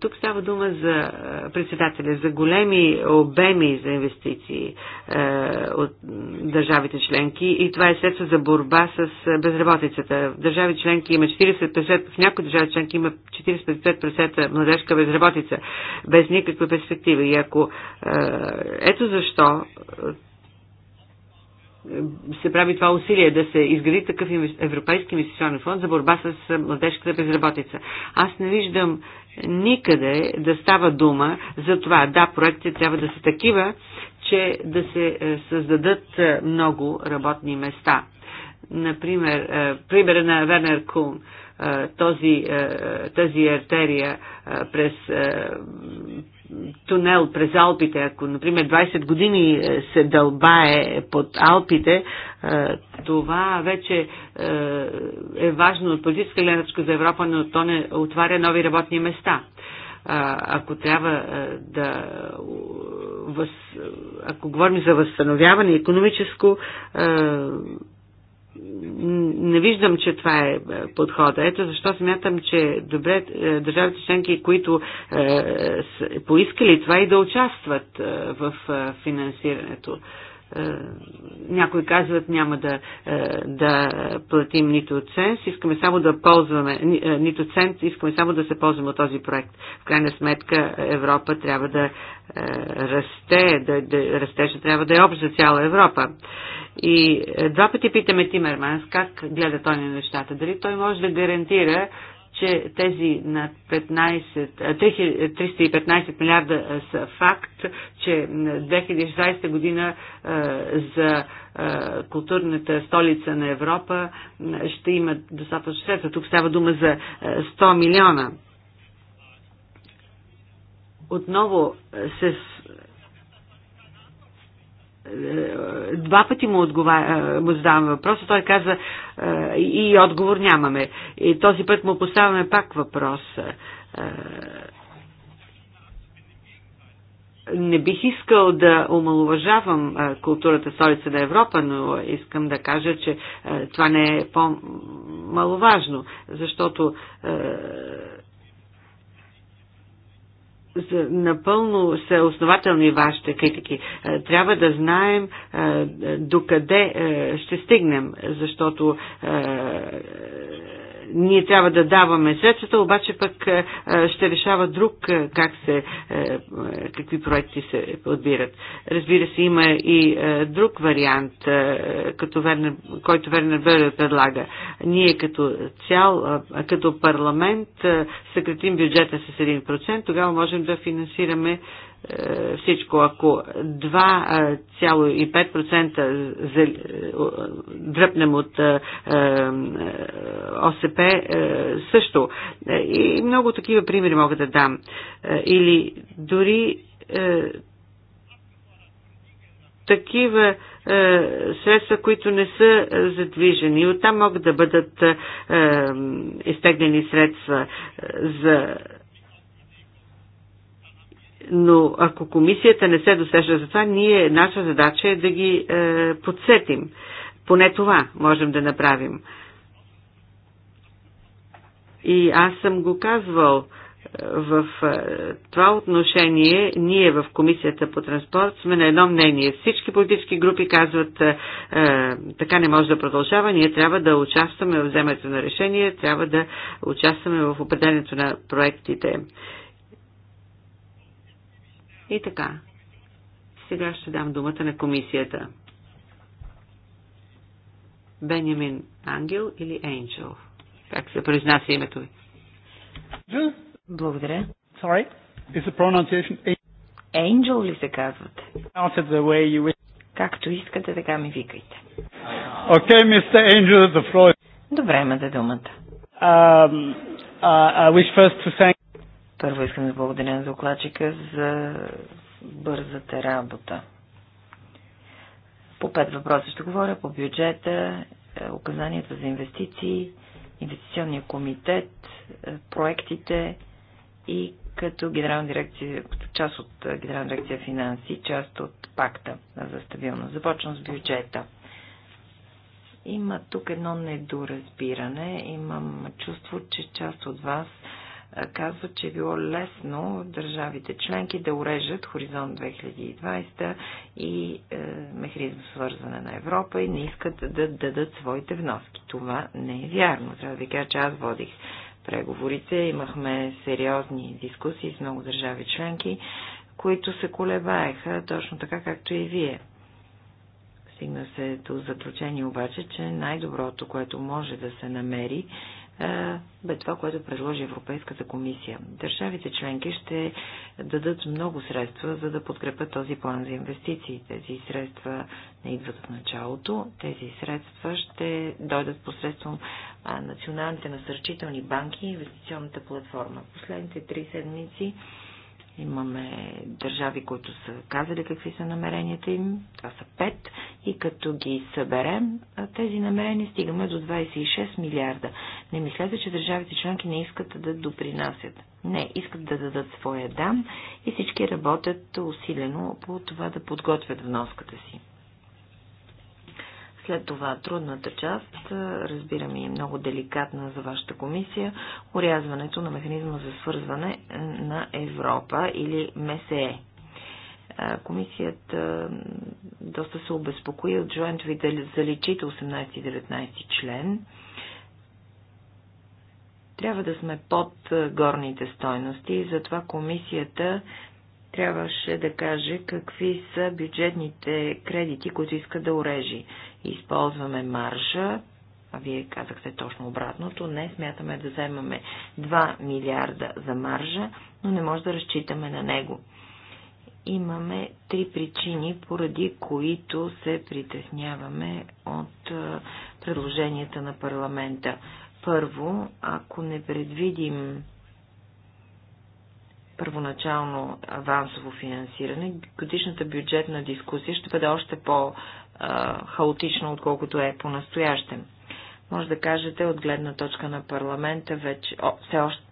Тук става дума за е, председателя, за големи обеми за инвестиции е, от държавите членки и това е средство за борба с е, безработицата. В държави членки има 40%, в някои държави членки има 45% младежка безработица без никаква перспектива. И ако е, ето защо се прави това усилие да се изгради такъв Европейски инвестиционен фонд за борба с младежката безработица. Аз не виждам никъде да става дума за това. Да, проектите трябва да са такива, че да се създадат много работни места. Например, примера на Вернер Кун този, тази артерия през тунел през Алпите, ако, например, 20 години е, се дълбае под Алпите, е, това вече е, е важно от политическа гледна точка за Европа, но то не отваря нови работни места. Ако трябва да ако говорим за възстановяване економическо, не виждам, че това е, е подхода. Ето защо смятам, че добре е, държавите членки, които е, поискали това и да участват е, в финансирането. Някои казват няма да, да платим нито цент, искаме само да ползваме, нито цент, искаме само да се ползваме от този проект. В крайна сметка Европа трябва да расте, да, да, растежа трябва да е общ за цяла Европа. И е, два пъти питаме Тимерманс как гледа той на нещата. Дали той може да гарантира, че тези на 15, 315 е, е, милиарда са факт, че 2016 година за културната столица на Европа ще има достатъчно средства. Тук става дума за 100 милиона отново се два пъти му, отговар... Е, му задавам въпроса, той каза е, и отговор нямаме. И този път му поставяме пак въпрос. Е, не бих искал да омалуважавам културата столица на Европа, но искам да кажа, че това не е по-маловажно, защото напълно са основателни вашите критики. Е, трябва да знаем е, докъде е, ще стигнем, защото ние трябва да даваме средствата, обаче пък е, е, ще решава друг е, как се, какви проекти се отбират. Разбира се, има и друг вариант, като Вернер, който Вернер Бърлер предлага. Ние като цял, като парламент съкратим бюджета с 1%, тогава можем да финансираме е, всичко. Ако 2,5% е, дръпнем от е, ОСП, също. И много такива примери мога да дам. Или дори такива средства, които не са задвижени. Оттам могат да бъдат изтеглени средства за но ако комисията не се досежда за това, ние, наша задача е да ги е, подсетим. Поне това можем да направим. И аз съм го казвал е, в е, това отношение ние в Комисията по транспорт сме на едно мнение. Всички политически групи казват е, е, така не може да продължава, ние трябва да участваме в вземането на решение, трябва да участваме в определенето на проектите. И така, сега ще дам думата на комисията. Бенямин Ангел или Ейнджел? Как се произнася името ви? Благодаря. Sorry. Is the pronunciation Angel ли се казвате? You... Както искате, така ми викайте. Okay, Mr. Angel, of the floor. Добре, имате думата. Um, uh, I wish first to thank първо искам да благодаря на докладчика за бързата работа. По пет въпроса ще говоря, по бюджета, е, указанията за инвестиции, инвестиционния комитет, е, проектите и като, генерална дирекция, като част от е, Генерална дирекция финанси, част от пакта за стабилност. Започвам с бюджета. Има тук едно недоразбиране. Имам чувство, че част от вас е, казва, че е било лесно държавите членки да урежат Хоризонт 2020 и е, механизъм свързване на Европа и не искат да, да дадат своите вноски. Това не е вярно. Трябва да ви кажа, че аз водих преговорите, имахме сериозни дискусии с много държави членки, които се колебаеха точно така, както и вие. Стигна се до заключение обаче, че най-доброто, което може да се намери, бе това, което предложи Европейската комисия. Държавите членки ще дадат много средства, за да подкрепят този план за инвестиции. Тези средства не идват в началото. Тези средства ще дойдат посредством националните насърчителни банки и инвестиционната платформа. Последните три седмици Имаме държави, които са казали какви са намеренията им. Това са 5. И като ги съберем, тези намерения стигаме до 26 милиарда. Не мислете, че държавите членки не искат да допринасят. Не, искат да дадат своя дан и всички работят усилено по това да подготвят вноската си. След това трудната част, разбираме и много деликатна за вашата комисия, урязването на механизма за свързване на Европа или МСЕ. Комисията доста се обезпокои от желанието ви да заличите 18 и 19 член. Трябва да сме под горните стойности и затова комисията трябваше да каже какви са бюджетните кредити, които иска да урежи използваме маржа, а вие казахте точно обратното, не смятаме да вземаме 2 милиарда за маржа, но не може да разчитаме на него. Имаме три причини, поради които се притесняваме от предложенията на парламента. Първо, ако не предвидим първоначално авансово финансиране, годишната бюджетна дискусия ще бъде още по- хаотично, отколкото е по-настоящем. Може да кажете, от гледна точка на парламента вече о, все още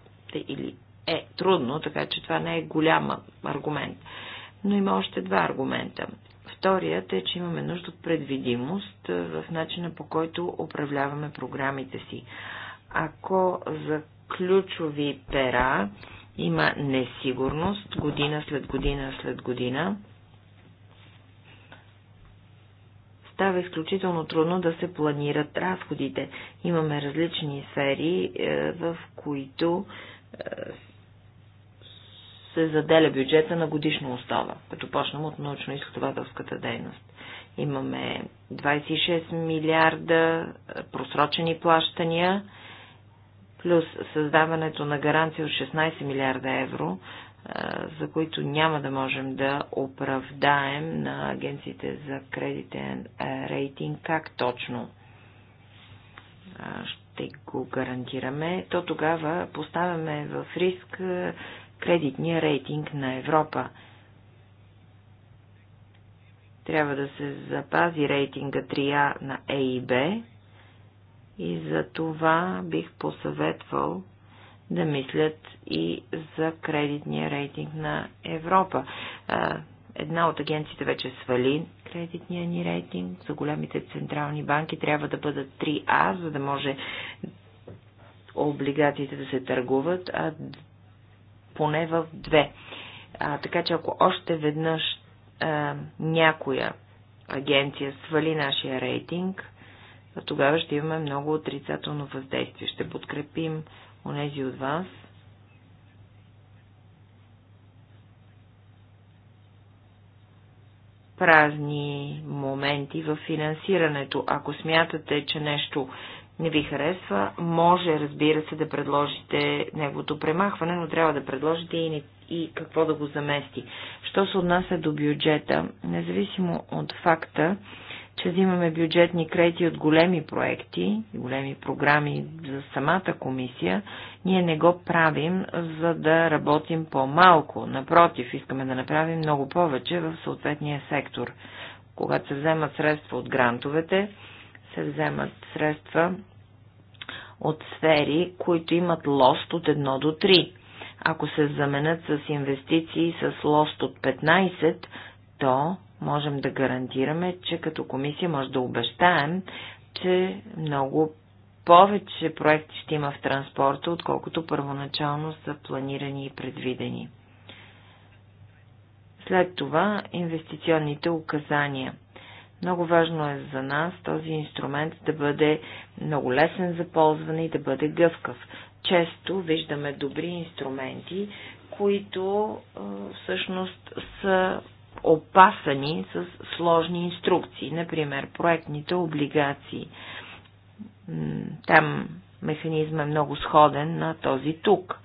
или е трудно, така че това не е голям аргумент. Но има още два аргумента. Вторият е, че имаме нужда от предвидимост в начина по който управляваме програмите си. Ако за ключови пера има несигурност година след година след година, става изключително трудно да се планират разходите. Имаме различни сфери, е, в които е, се заделя бюджета на годишна основа, като почнем от научно изходователската дейност. Имаме 26 милиарда е, просрочени плащания, плюс създаването на гаранция от 16 милиарда евро, за които няма да можем да оправдаем на агенциите за кредитен рейтинг как точно ще го гарантираме, то тогава поставяме в риск кредитния рейтинг на Европа. Трябва да се запази рейтинга 3А на Е и Б и за това бих посъветвал да мислят и за кредитния рейтинг на Европа. Една от агенциите вече свали кредитния ни рейтинг. За големите централни банки трябва да бъдат 3А, за да може облигациите да се търгуват, а поне в две. А, така че ако още веднъж а, някоя агенция свали нашия рейтинг, тогава ще имаме много отрицателно въздействие. Ще подкрепим онези от вас, празни моменти в финансирането. Ако смятате, че нещо не ви харесва, може, разбира се, да предложите неговото премахване, но трябва да предложите и, не, и какво да го замести. Що се отнася до бюджета, независимо от факта, ще взимаме бюджетни кредити от големи проекти големи програми за самата комисия, ние не го правим, за да работим по-малко. Напротив, искаме да направим много повече в съответния сектор. Когато се вземат средства от грантовете, се вземат средства от сфери, които имат лост от 1 до 3. Ако се заменят с инвестиции с лост от 15, то можем да гарантираме, че като комисия може да обещаем, че много повече проекти ще има в транспорта, отколкото първоначално са планирани и предвидени. След това инвестиционните указания. Много важно е за нас този инструмент да бъде много лесен за ползване и да бъде гъвкав. Често виждаме добри инструменти, които всъщност са опасани с сложни инструкции, например проектните облигации. Там механизма е много сходен на този тук.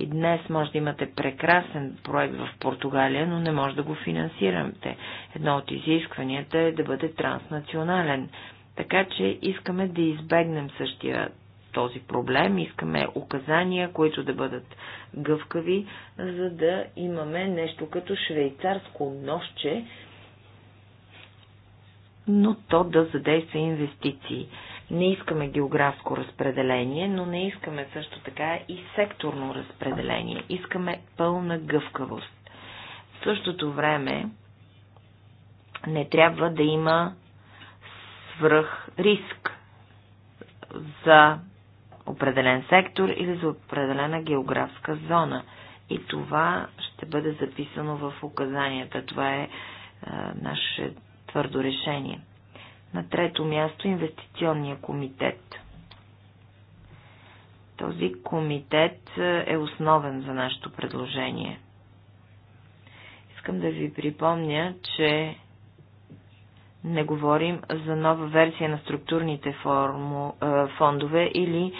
И днес може да имате прекрасен проект в Португалия, но не може да го финансирате. Едно от изискванията е да бъде транснационален. Така че искаме да избегнем същия този проблем. Искаме указания, които да бъдат гъвкави, за да имаме нещо като швейцарско нощче, но то да задейства инвестиции. Не искаме географско разпределение, но не искаме също така и секторно разпределение. Искаме пълна гъвкавост. В същото време не трябва да има свръх риск за определен сектор или за определена географска зона. И това ще бъде записано в указанията. Това е а, е, наше твърдо решение. На трето място инвестиционния комитет. Този комитет е, е основен за нашето предложение. Искам да ви припомня, че не говорим за нова версия на структурните форму, е, фондове или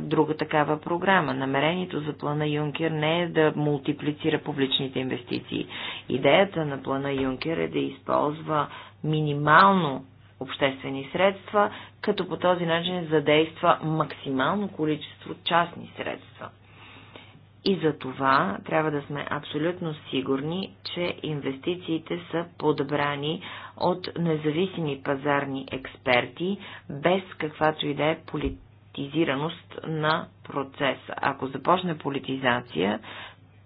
друга такава програма. Намерението за плана Юнкер не е да мултиплицира публичните инвестиции. Идеята на плана Юнкер е да използва минимално обществени средства, като по този начин задейства максимално количество частни средства. И за това трябва да сме абсолютно сигурни, че инвестициите са подбрани от независими пазарни експерти, без каквато и да е политика политизираност на процеса. Ако започне политизация,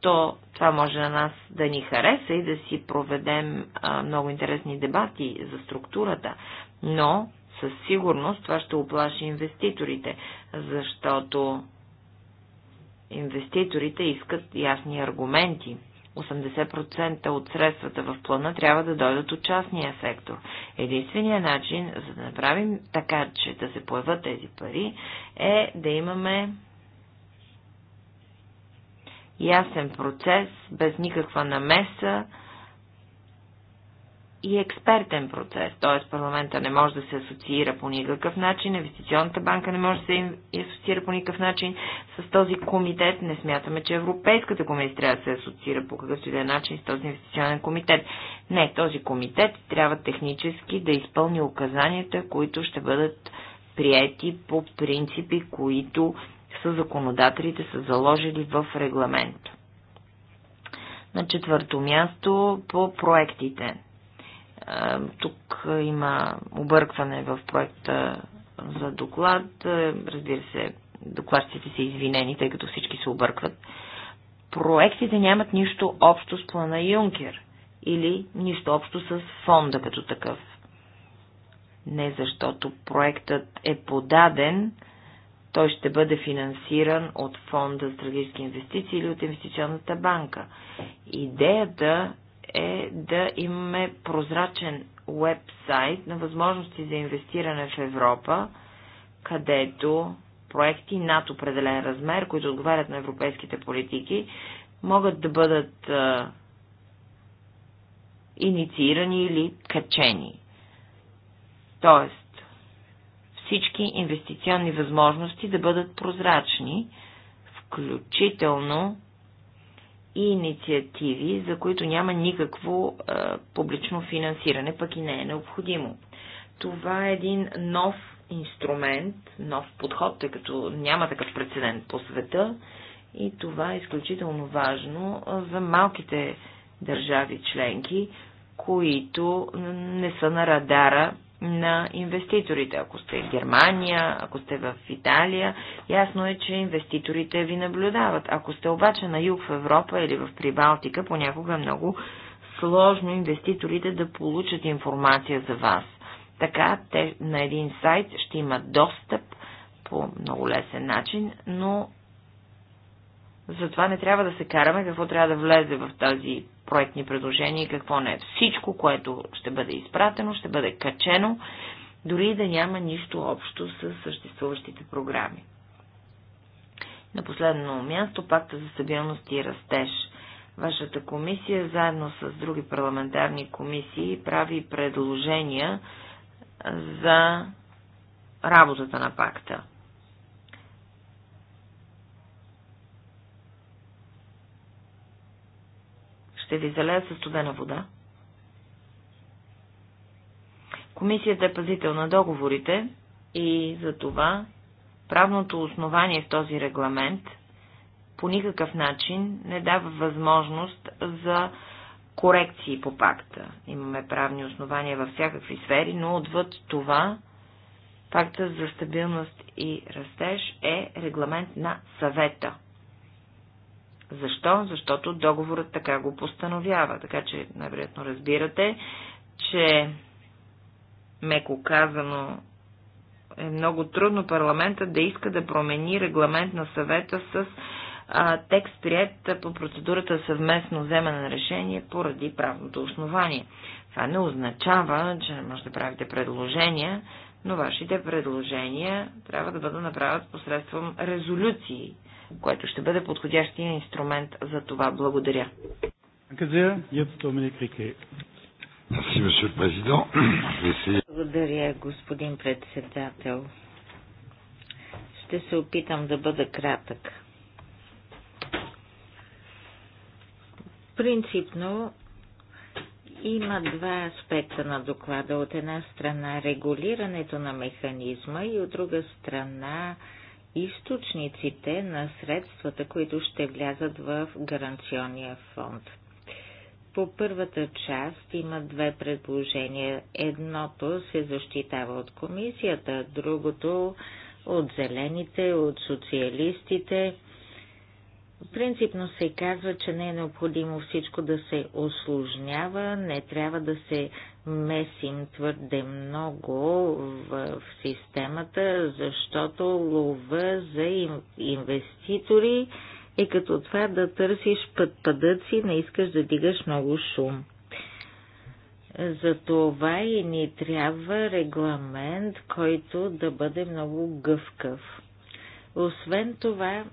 то това може на нас да ни хареса и да си проведем много интересни дебати за структурата, но със сигурност това ще оплаши инвеститорите, защото инвеститорите искат ясни аргументи. 80% от средствата в плана трябва да дойдат от частния сектор. Единственият начин, за да направим така, че да се появат тези пари, е да имаме ясен процес, без никаква намеса, и експертен процес, т.е. парламента не може да се асоциира по никакъв начин, инвестиционната банка не може да се асоциира по никакъв начин с този комитет. Не смятаме, че Европейската комисия трябва да се асоциира по какъвто и да е начин с този инвестиционен комитет. Не, този комитет трябва технически да изпълни указанията, които ще бъдат приети по принципи, които са законодателите са заложили в регламент. На четвърто място по проектите. Тук има объркване в проекта за доклад. Разбира се, докладците са извинени, тъй като всички се объркват. Проектите нямат нищо общо с плана Юнкер или нищо общо с фонда като такъв. Не защото проектът е подаден, той ще бъде финансиран от фонда за стратегически инвестиции или от инвестиционната банка. Идеята е да имаме прозрачен уебсайт на възможности за инвестиране в Европа, където проекти над определен размер, които отговарят на европейските политики, могат да бъдат инициирани или качени. Тоест, всички инвестиционни възможности да бъдат прозрачни, включително и инициативи, за които няма никакво е, публично финансиране, пък и не е необходимо. Това е един нов инструмент, нов подход, тъй като няма такъв прецедент по света и това е изключително важно е, за малките държави членки, които не са на радара на инвеститорите. Ако сте в Германия, ако сте в Италия, ясно е, че инвеститорите ви наблюдават. Ако сте обаче на юг в Европа или в Прибалтика, понякога е много сложно инвеститорите да получат информация за вас. Така те на един сайт ще имат достъп по много лесен начин, но затова не трябва да се караме какво трябва да влезе в тази проектни предложения и какво не. Всичко, което ще бъде изпратено, ще бъде качено, дори и да няма нищо общо с съществуващите програми. На последно място пакта за стабилност и растеж. Вашата комисия, заедно с други парламентарни комисии, прави предложения за работата на пакта. ще ви залея със студена вода. Комисията е пазител на договорите и за това правното основание в този регламент по никакъв начин не дава възможност за корекции по пакта. Имаме правни основания във всякакви сфери, но отвъд това пакта за стабилност и растеж е регламент на съвета – защо? Защото договорът така го постановява. Така че най-вероятно разбирате, че меко казано е много трудно парламента да иска да промени регламент на съвета с а, текст прият по процедурата съвместно вземане на решение поради правното основание. Това не означава, че не може да правите предложения, но вашите предложения трябва да бъдат направят посредством резолюции което ще бъде подходящия инструмент за това. Благодаря. Благодаря, господин председател. Ще се опитам да бъда кратък. Принципно има два аспекта на доклада. От една страна регулирането на механизма и от друга страна източниците на средствата, които ще влязат в гаранционния фонд. По първата част има две предложения. Едното се защитава от комисията, другото от зелените, от социалистите. Принципно се казва, че не е необходимо всичко да се осложнява, не трябва да се месим твърде много в системата, защото лова за инвеститори е като това да търсиш път не искаш да дигаш много шум. Затова и ни трябва регламент, който да бъде много гъвкав. Освен това,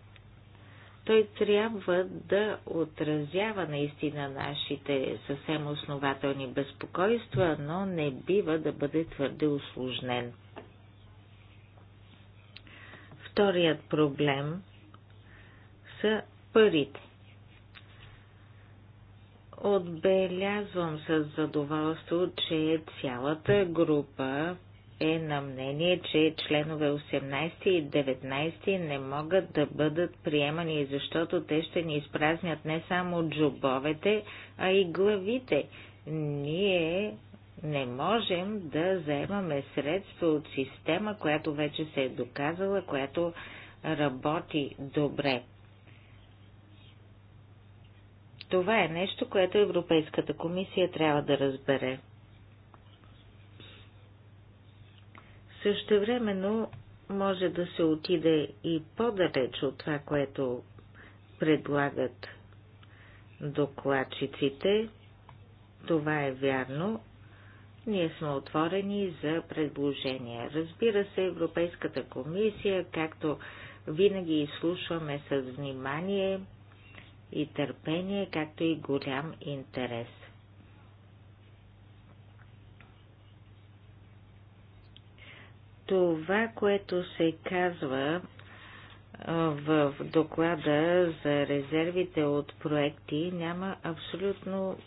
той трябва да отразява наистина нашите съвсем основателни безпокойства, но не бива да бъде твърде осложнен. Вторият проблем са парите. Отбелязвам с задоволство, че е цялата група е на мнение, че членове 18 и 19 не могат да бъдат приемани, защото те ще ни изпразнят не само джобовете, а и главите. Ние не можем да заемаме средства от система, която вече се е доказала, която работи добре. Това е нещо, което Европейската комисия трябва да разбере. Същевременно може да се отиде и по-далеч от това, което предлагат докладчиците. Това е вярно. Ние сме отворени за предложения. Разбира се, Европейската комисия, както винаги изслушваме с внимание и търпение, както и голям интерес. Това, което се казва в доклада за резервите от проекти, няма абсолютно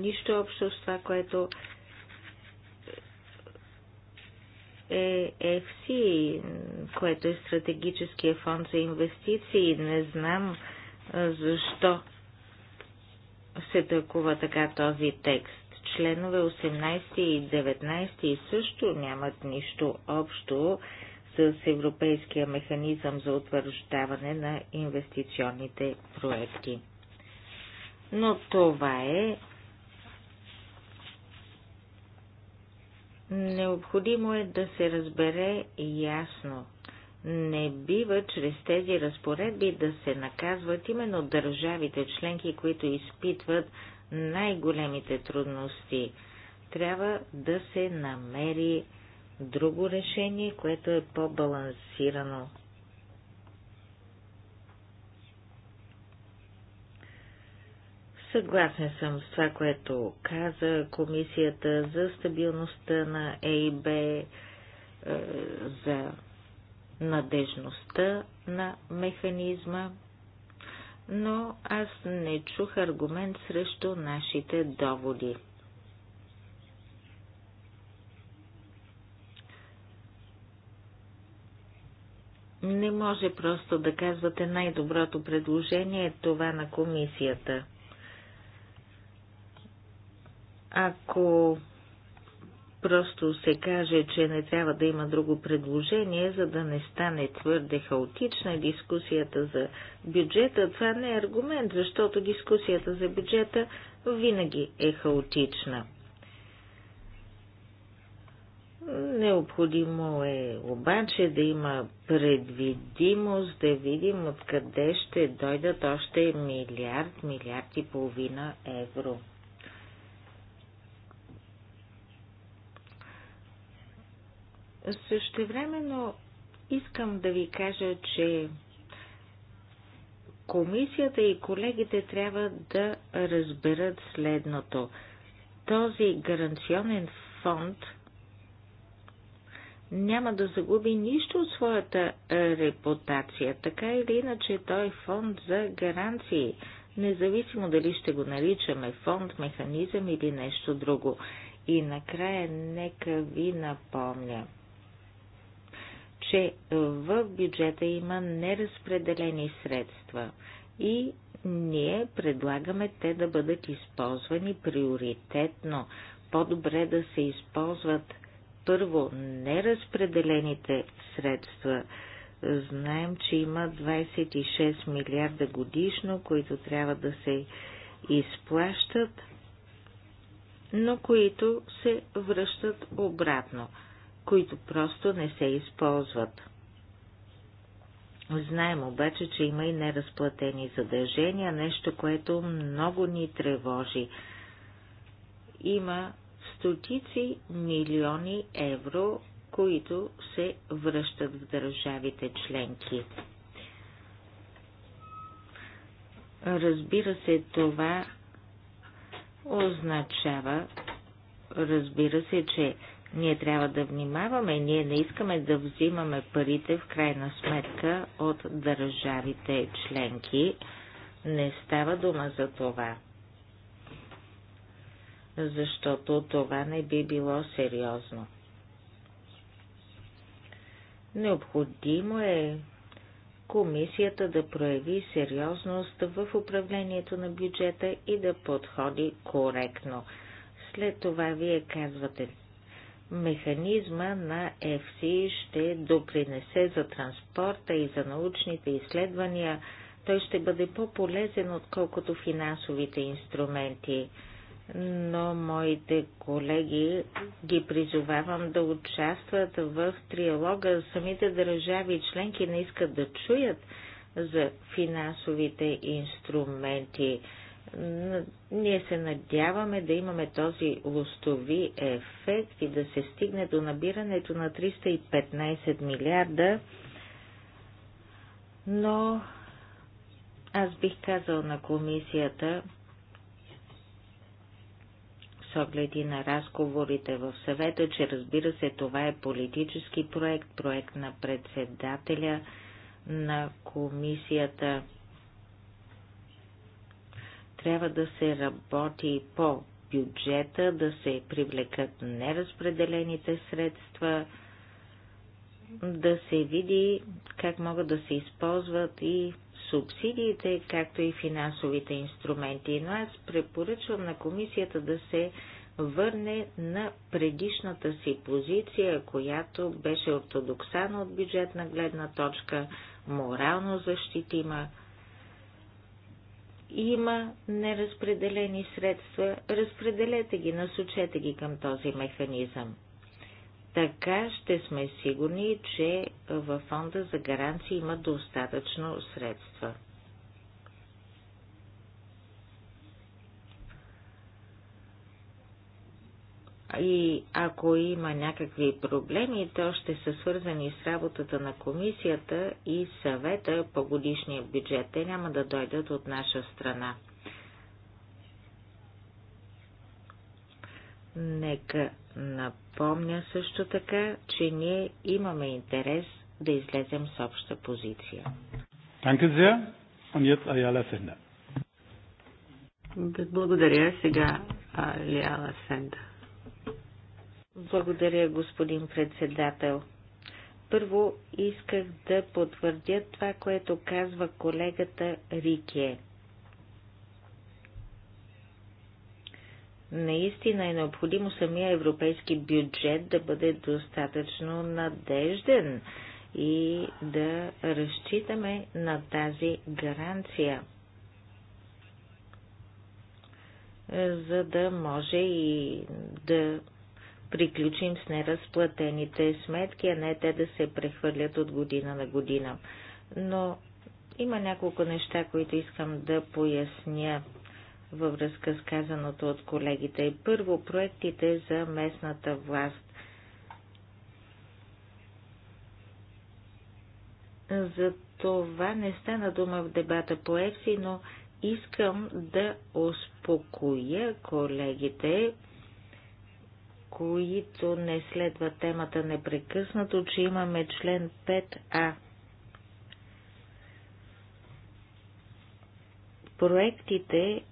нищо общо с това, което е FC, което е стратегическия фонд за инвестиции. Не знам защо се тълкува така този текст. Членове 18 и 19 и също нямат нищо общо с Европейския механизъм за утвърждаване на инвестиционните проекти. Но това е Необходимо е да се разбере ясно. Не бива чрез тези разпоредби да се наказват именно държавите членки, които изпитват най-големите трудности. Трябва да се намери друго решение, което е по-балансирано. Съгласен съм с това, което каза Комисията за стабилността на ЕИБ, е, за надежността на механизма но аз не чух аргумент срещу нашите доводи. Не може просто да казвате най-доброто предложение е това на комисията. Ако просто се каже, че не трябва да има друго предложение, за да не стане твърде хаотична дискусията за бюджета, това не е аргумент, защото дискусията за бюджета винаги е хаотична. Необходимо е обаче да има предвидимост, да видим откъде ще дойдат още милиард, милиард и половина евро. Същевременно искам да ви кажа, че комисията и колегите трябва да разберат следното. Този гаранционен фонд няма да загуби нищо от своята репутация. Така или иначе той е фонд за гаранции, независимо дали ще го наричаме фонд, механизъм или нещо друго. И накрая нека ви напомня – че е, в бюджета има неразпределени средства и ние предлагаме те да бъдат използвани приоритетно. По-добре да се използват първо неразпределените средства. Знаем, че има 26 милиарда годишно, които трябва да се изплащат, но които се връщат обратно – които просто не се използват. Знаем обаче, че има и неразплатени задължения, нещо, което много ни тревожи. Има стотици милиони евро, които се връщат в държавите членки. Разбира се, това означава, разбира се, че ние трябва да внимаваме, ние не искаме да взимаме парите в крайна сметка от държавите членки. Не става дума за това. Защото това не би било сериозно. Необходимо е комисията да прояви сериозност в управлението на бюджета и да подходи коректно. След това вие казвате Механизма на ФСИ ще допринесе за транспорта и за научните изследвания. Той ще бъде по-полезен, отколкото финансовите инструменти. Но моите колеги ги призовавам да участват в триалога. Самите държави и членки не искат да чуят за финансовите инструменти ние се надяваме да имаме този лостови ефект и да се стигне до набирането на 315 милиарда, но аз бих казал на комисията, с оглед и на разговорите в съвета, че разбира се това е политически проект, проект на председателя на комисията – трябва да се работи по бюджета, да се привлекат неразпределените средства, да се види как могат да се използват и субсидиите, както и финансовите инструменти. Но аз препоръчвам на комисията да се върне на предишната си позиция, която беше ортодоксана от бюджетна гледна точка, морално защитима има неразпределени средства, разпределете ги, насочете ги към този механизъм. Така ще сме сигурни, че във фонда за гаранции има достатъчно средства. И ако има някакви проблеми, то ще са свързани с работата на комисията и съвета по годишния бюджет. Те няма да дойдат от наша страна. Нека напомня също така, че ние имаме интерес да излезем с обща позиция. Danke sehr. Und jetzt Ayala Sender. Благодаря. Сега Ayala Sender. Благодаря, господин председател. Първо исках да потвърдя това, което казва колегата Рике. Наистина е необходимо самия европейски бюджет да бъде достатъчно надежден и да разчитаме на тази гаранция, за да може и да приключим с неразплатените сметки, а не те да се прехвърлят от година на година. Но има няколко неща, които искам да поясня във връзка с казаното от колегите. Първо, проектите за местната власт. За това не стана дума в дебата по ЕФСИ, но искам да успокоя колегите, които не следват темата непрекъснато, че имаме член 5А. Проектите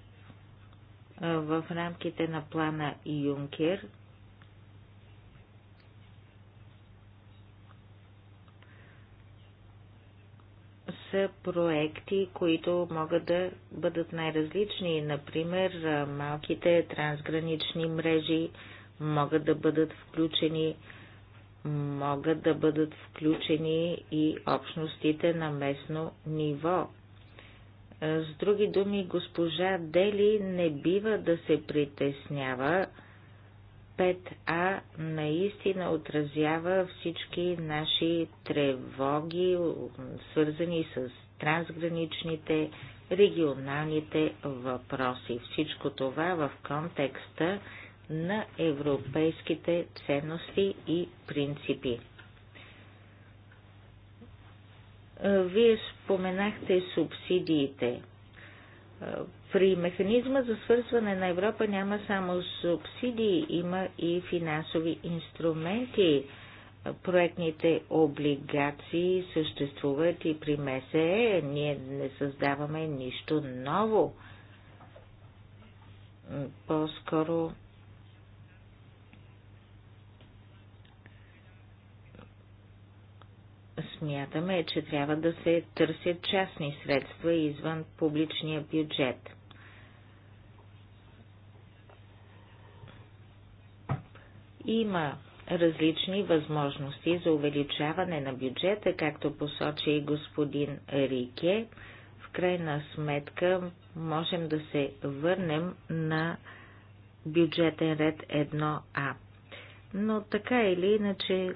в рамките на плана Юнкер са проекти, които могат да бъдат най-различни. Например, малките трансгранични мрежи, могат да бъдат включени могат да бъдат включени и общностите на местно ниво. Е, с други думи, госпожа Дели не бива да се притеснява. 5А наистина отразява всички наши тревоги, свързани с трансграничните, регионалните въпроси. Всичко това в контекста на европейските ценности и принципи. Вие споменахте субсидиите. При механизма за свързване на Европа няма само субсидии, има и финансови инструменти. Проектните облигации съществуват и при МСЕ. Ние не създаваме нищо ново. По-скоро смятаме, е, че трябва да се търсят частни средства извън публичния бюджет. Има различни възможности за увеличаване на бюджета, както посочи и господин Рике. В крайна сметка можем да се върнем на бюджетен ред 1А. Но така или иначе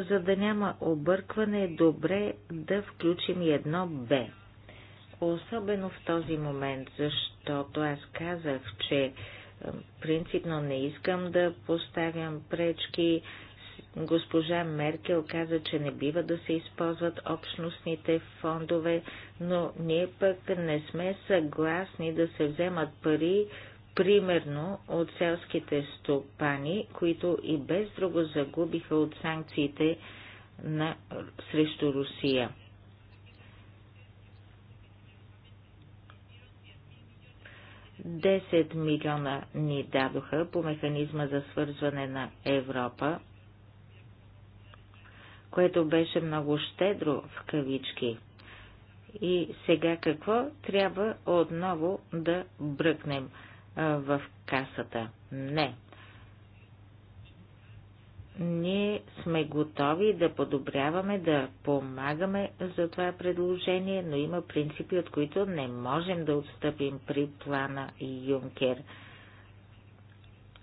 за да няма объркване, е добре да включим и едно Б. Особено в този момент, защото аз казах, че принципно не искам да поставям пречки. Госпожа Меркел каза, че не бива да се използват общностните фондове, но ние пък не сме съгласни да се вземат пари примерно от селските стопани, които и без друго загубиха от санкциите на, срещу Русия. Десет милиона ни дадоха по механизма за свързване на Европа, което беше много щедро в кавички. И сега какво трябва отново да бръкнем? в касата. Не. Ние сме готови да подобряваме, да помагаме за това предложение, но има принципи, от които не можем да отстъпим при плана Юнкер.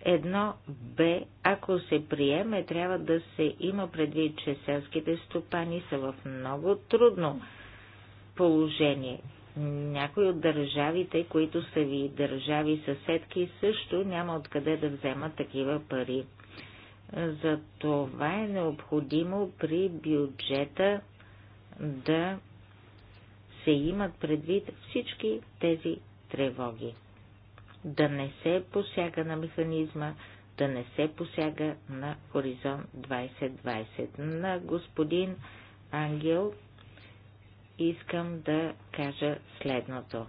Едно Б, ако се приеме, трябва да се има предвид, че селските стопани са в много трудно положение. Някои от държавите, които са ви държави съседки, също няма откъде да вземат такива пари. За това е необходимо при бюджета да се имат предвид всички тези тревоги. Да не се посяга на механизма, да не се посяга на Хоризонт 2020. На господин Ангел искам да кажа следното.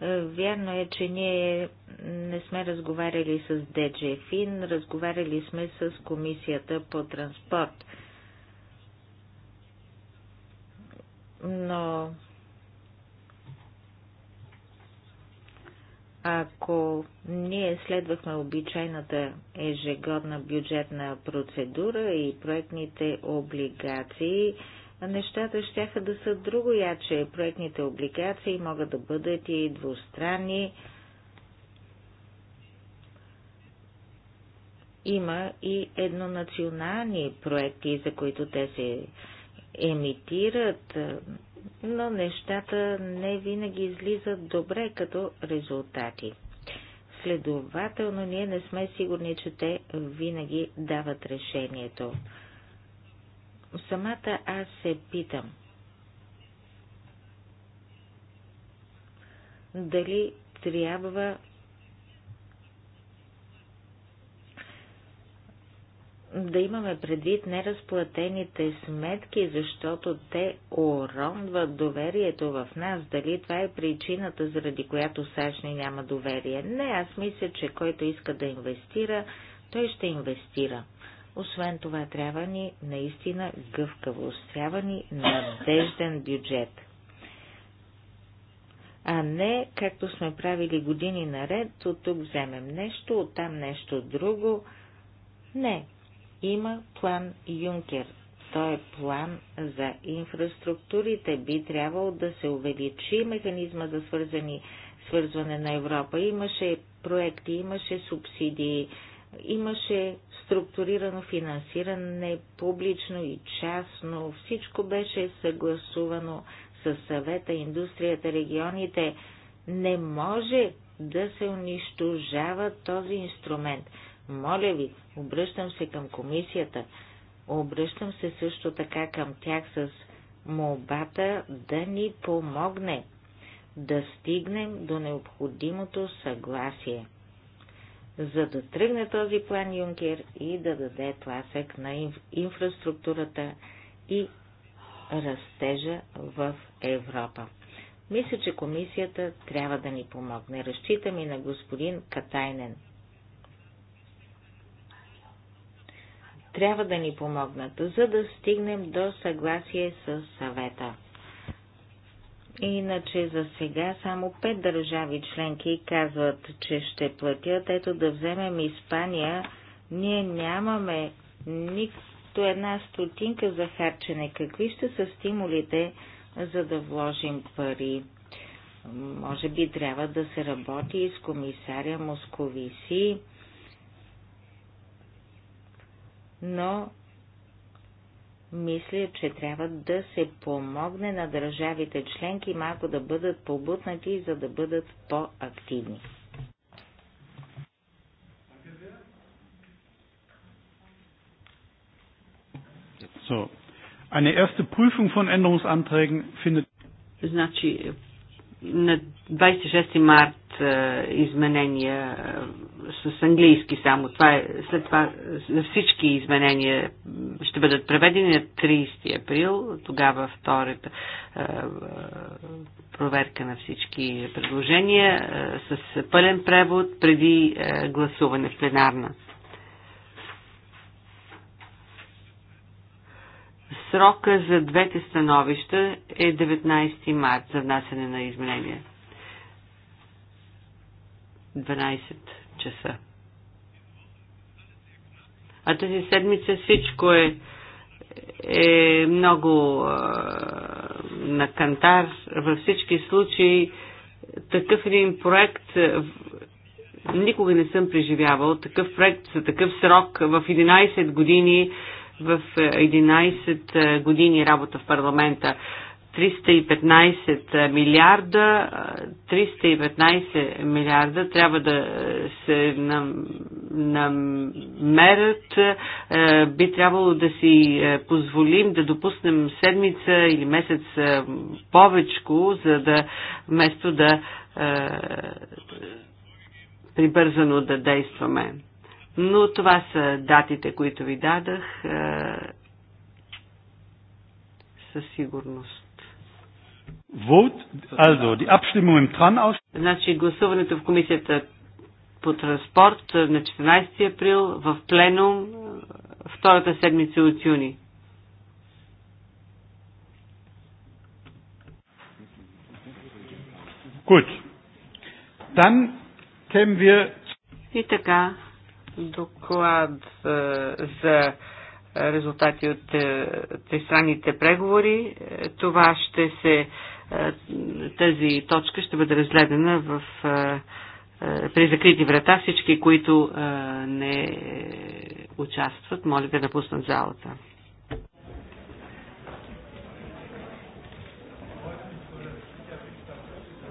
Е, вярно е, че ние не сме разговаряли с Фин, разговаряли сме с Комисията по транспорт. Но Ако ние следвахме обичайната ежегодна бюджетна процедура и проектните облигации, нещата ще да са другоя, че проектните облигации могат да бъдат и двустранни. Има и еднонационални проекти, за които те се емитират но нещата не винаги излизат добре като резултати. Следователно, ние не сме сигурни, че те винаги дават решението. Самата аз се питам. Дали трябва да имаме предвид неразплатените сметки, защото те уронват доверието в нас. Дали това е причината, заради която САЩ не няма доверие? Не, аз мисля, че който иска да инвестира, той ще инвестира. Освен това, трябва ни наистина гъвкавост, трябва ни надежден бюджет. А не, както сме правили години наред, от тук вземем нещо, от там нещо друго. Не, има план Юнкер. Той е план за инфраструктурите. Би трябвало да се увеличи механизма за свързани, свързване на Европа. Имаше проекти, имаше субсидии, имаше структурирано финансиране, публично и частно. Всичко беше съгласувано с съвета, индустрията, регионите. Не може да се унищожава този инструмент. Моля ви, обръщам се към комисията, обръщам се също така към тях с молбата да ни помогне да стигнем до необходимото съгласие, за да тръгне този план Юнкер и да даде тласък на инфраструктурата и растежа в Европа. Мисля, че комисията трябва да ни помогне. Разчитам и на господин Катайнен – трябва да ни помогнат, за да стигнем до съгласие с съвета. Иначе за сега само пет държави членки казват, че ще платят. Ето да вземем Испания. Ние нямаме нито една стотинка за харчене. Какви ще са стимулите, за да вложим пари? Може би трябва да се работи с комисаря Московиси но мисля, че трябва да се помогне на държавите членки малко да бъдат побутнати, за да бъдат по-активни. So, eine erste Prüfung von Änderungsanträgen findet Значи, на 26 март е, изменения е, с английски само. Това е, след това всички изменения ще бъдат преведени на 30 април, тогава втората е, проверка на всички предложения с пълен превод преди гласуване в пленарна. Срока за двете становища е 19 март за внасяне на изменения. 12 часа. А тази седмица всичко е, е много е, на кантар. Във всички случаи такъв един проект никога не съм преживявал. Такъв проект за такъв срок в 11 години в 11 е, години работа в парламента. 315 милиарда, 315 е, милиарда трябва да се намерят. Е, би трябвало да си позволим да допуснем седмица или месец повечко, за да вместо да прибързано да действаме. Но това са датите, които ви дадах е, със сигурност. Вод, also, die Abstimmung im Tran Значи гласуването в комисията по транспорт на 14 април в пленум е, втората седмица от юни. Gut. Dann kämen wir... И така, доклад е, за резултати от е, тристранните преговори. Е, това ще се, тази точка ще бъде разгледана в, при закрити врата. Всички, които не участват, моля да напуснат залата.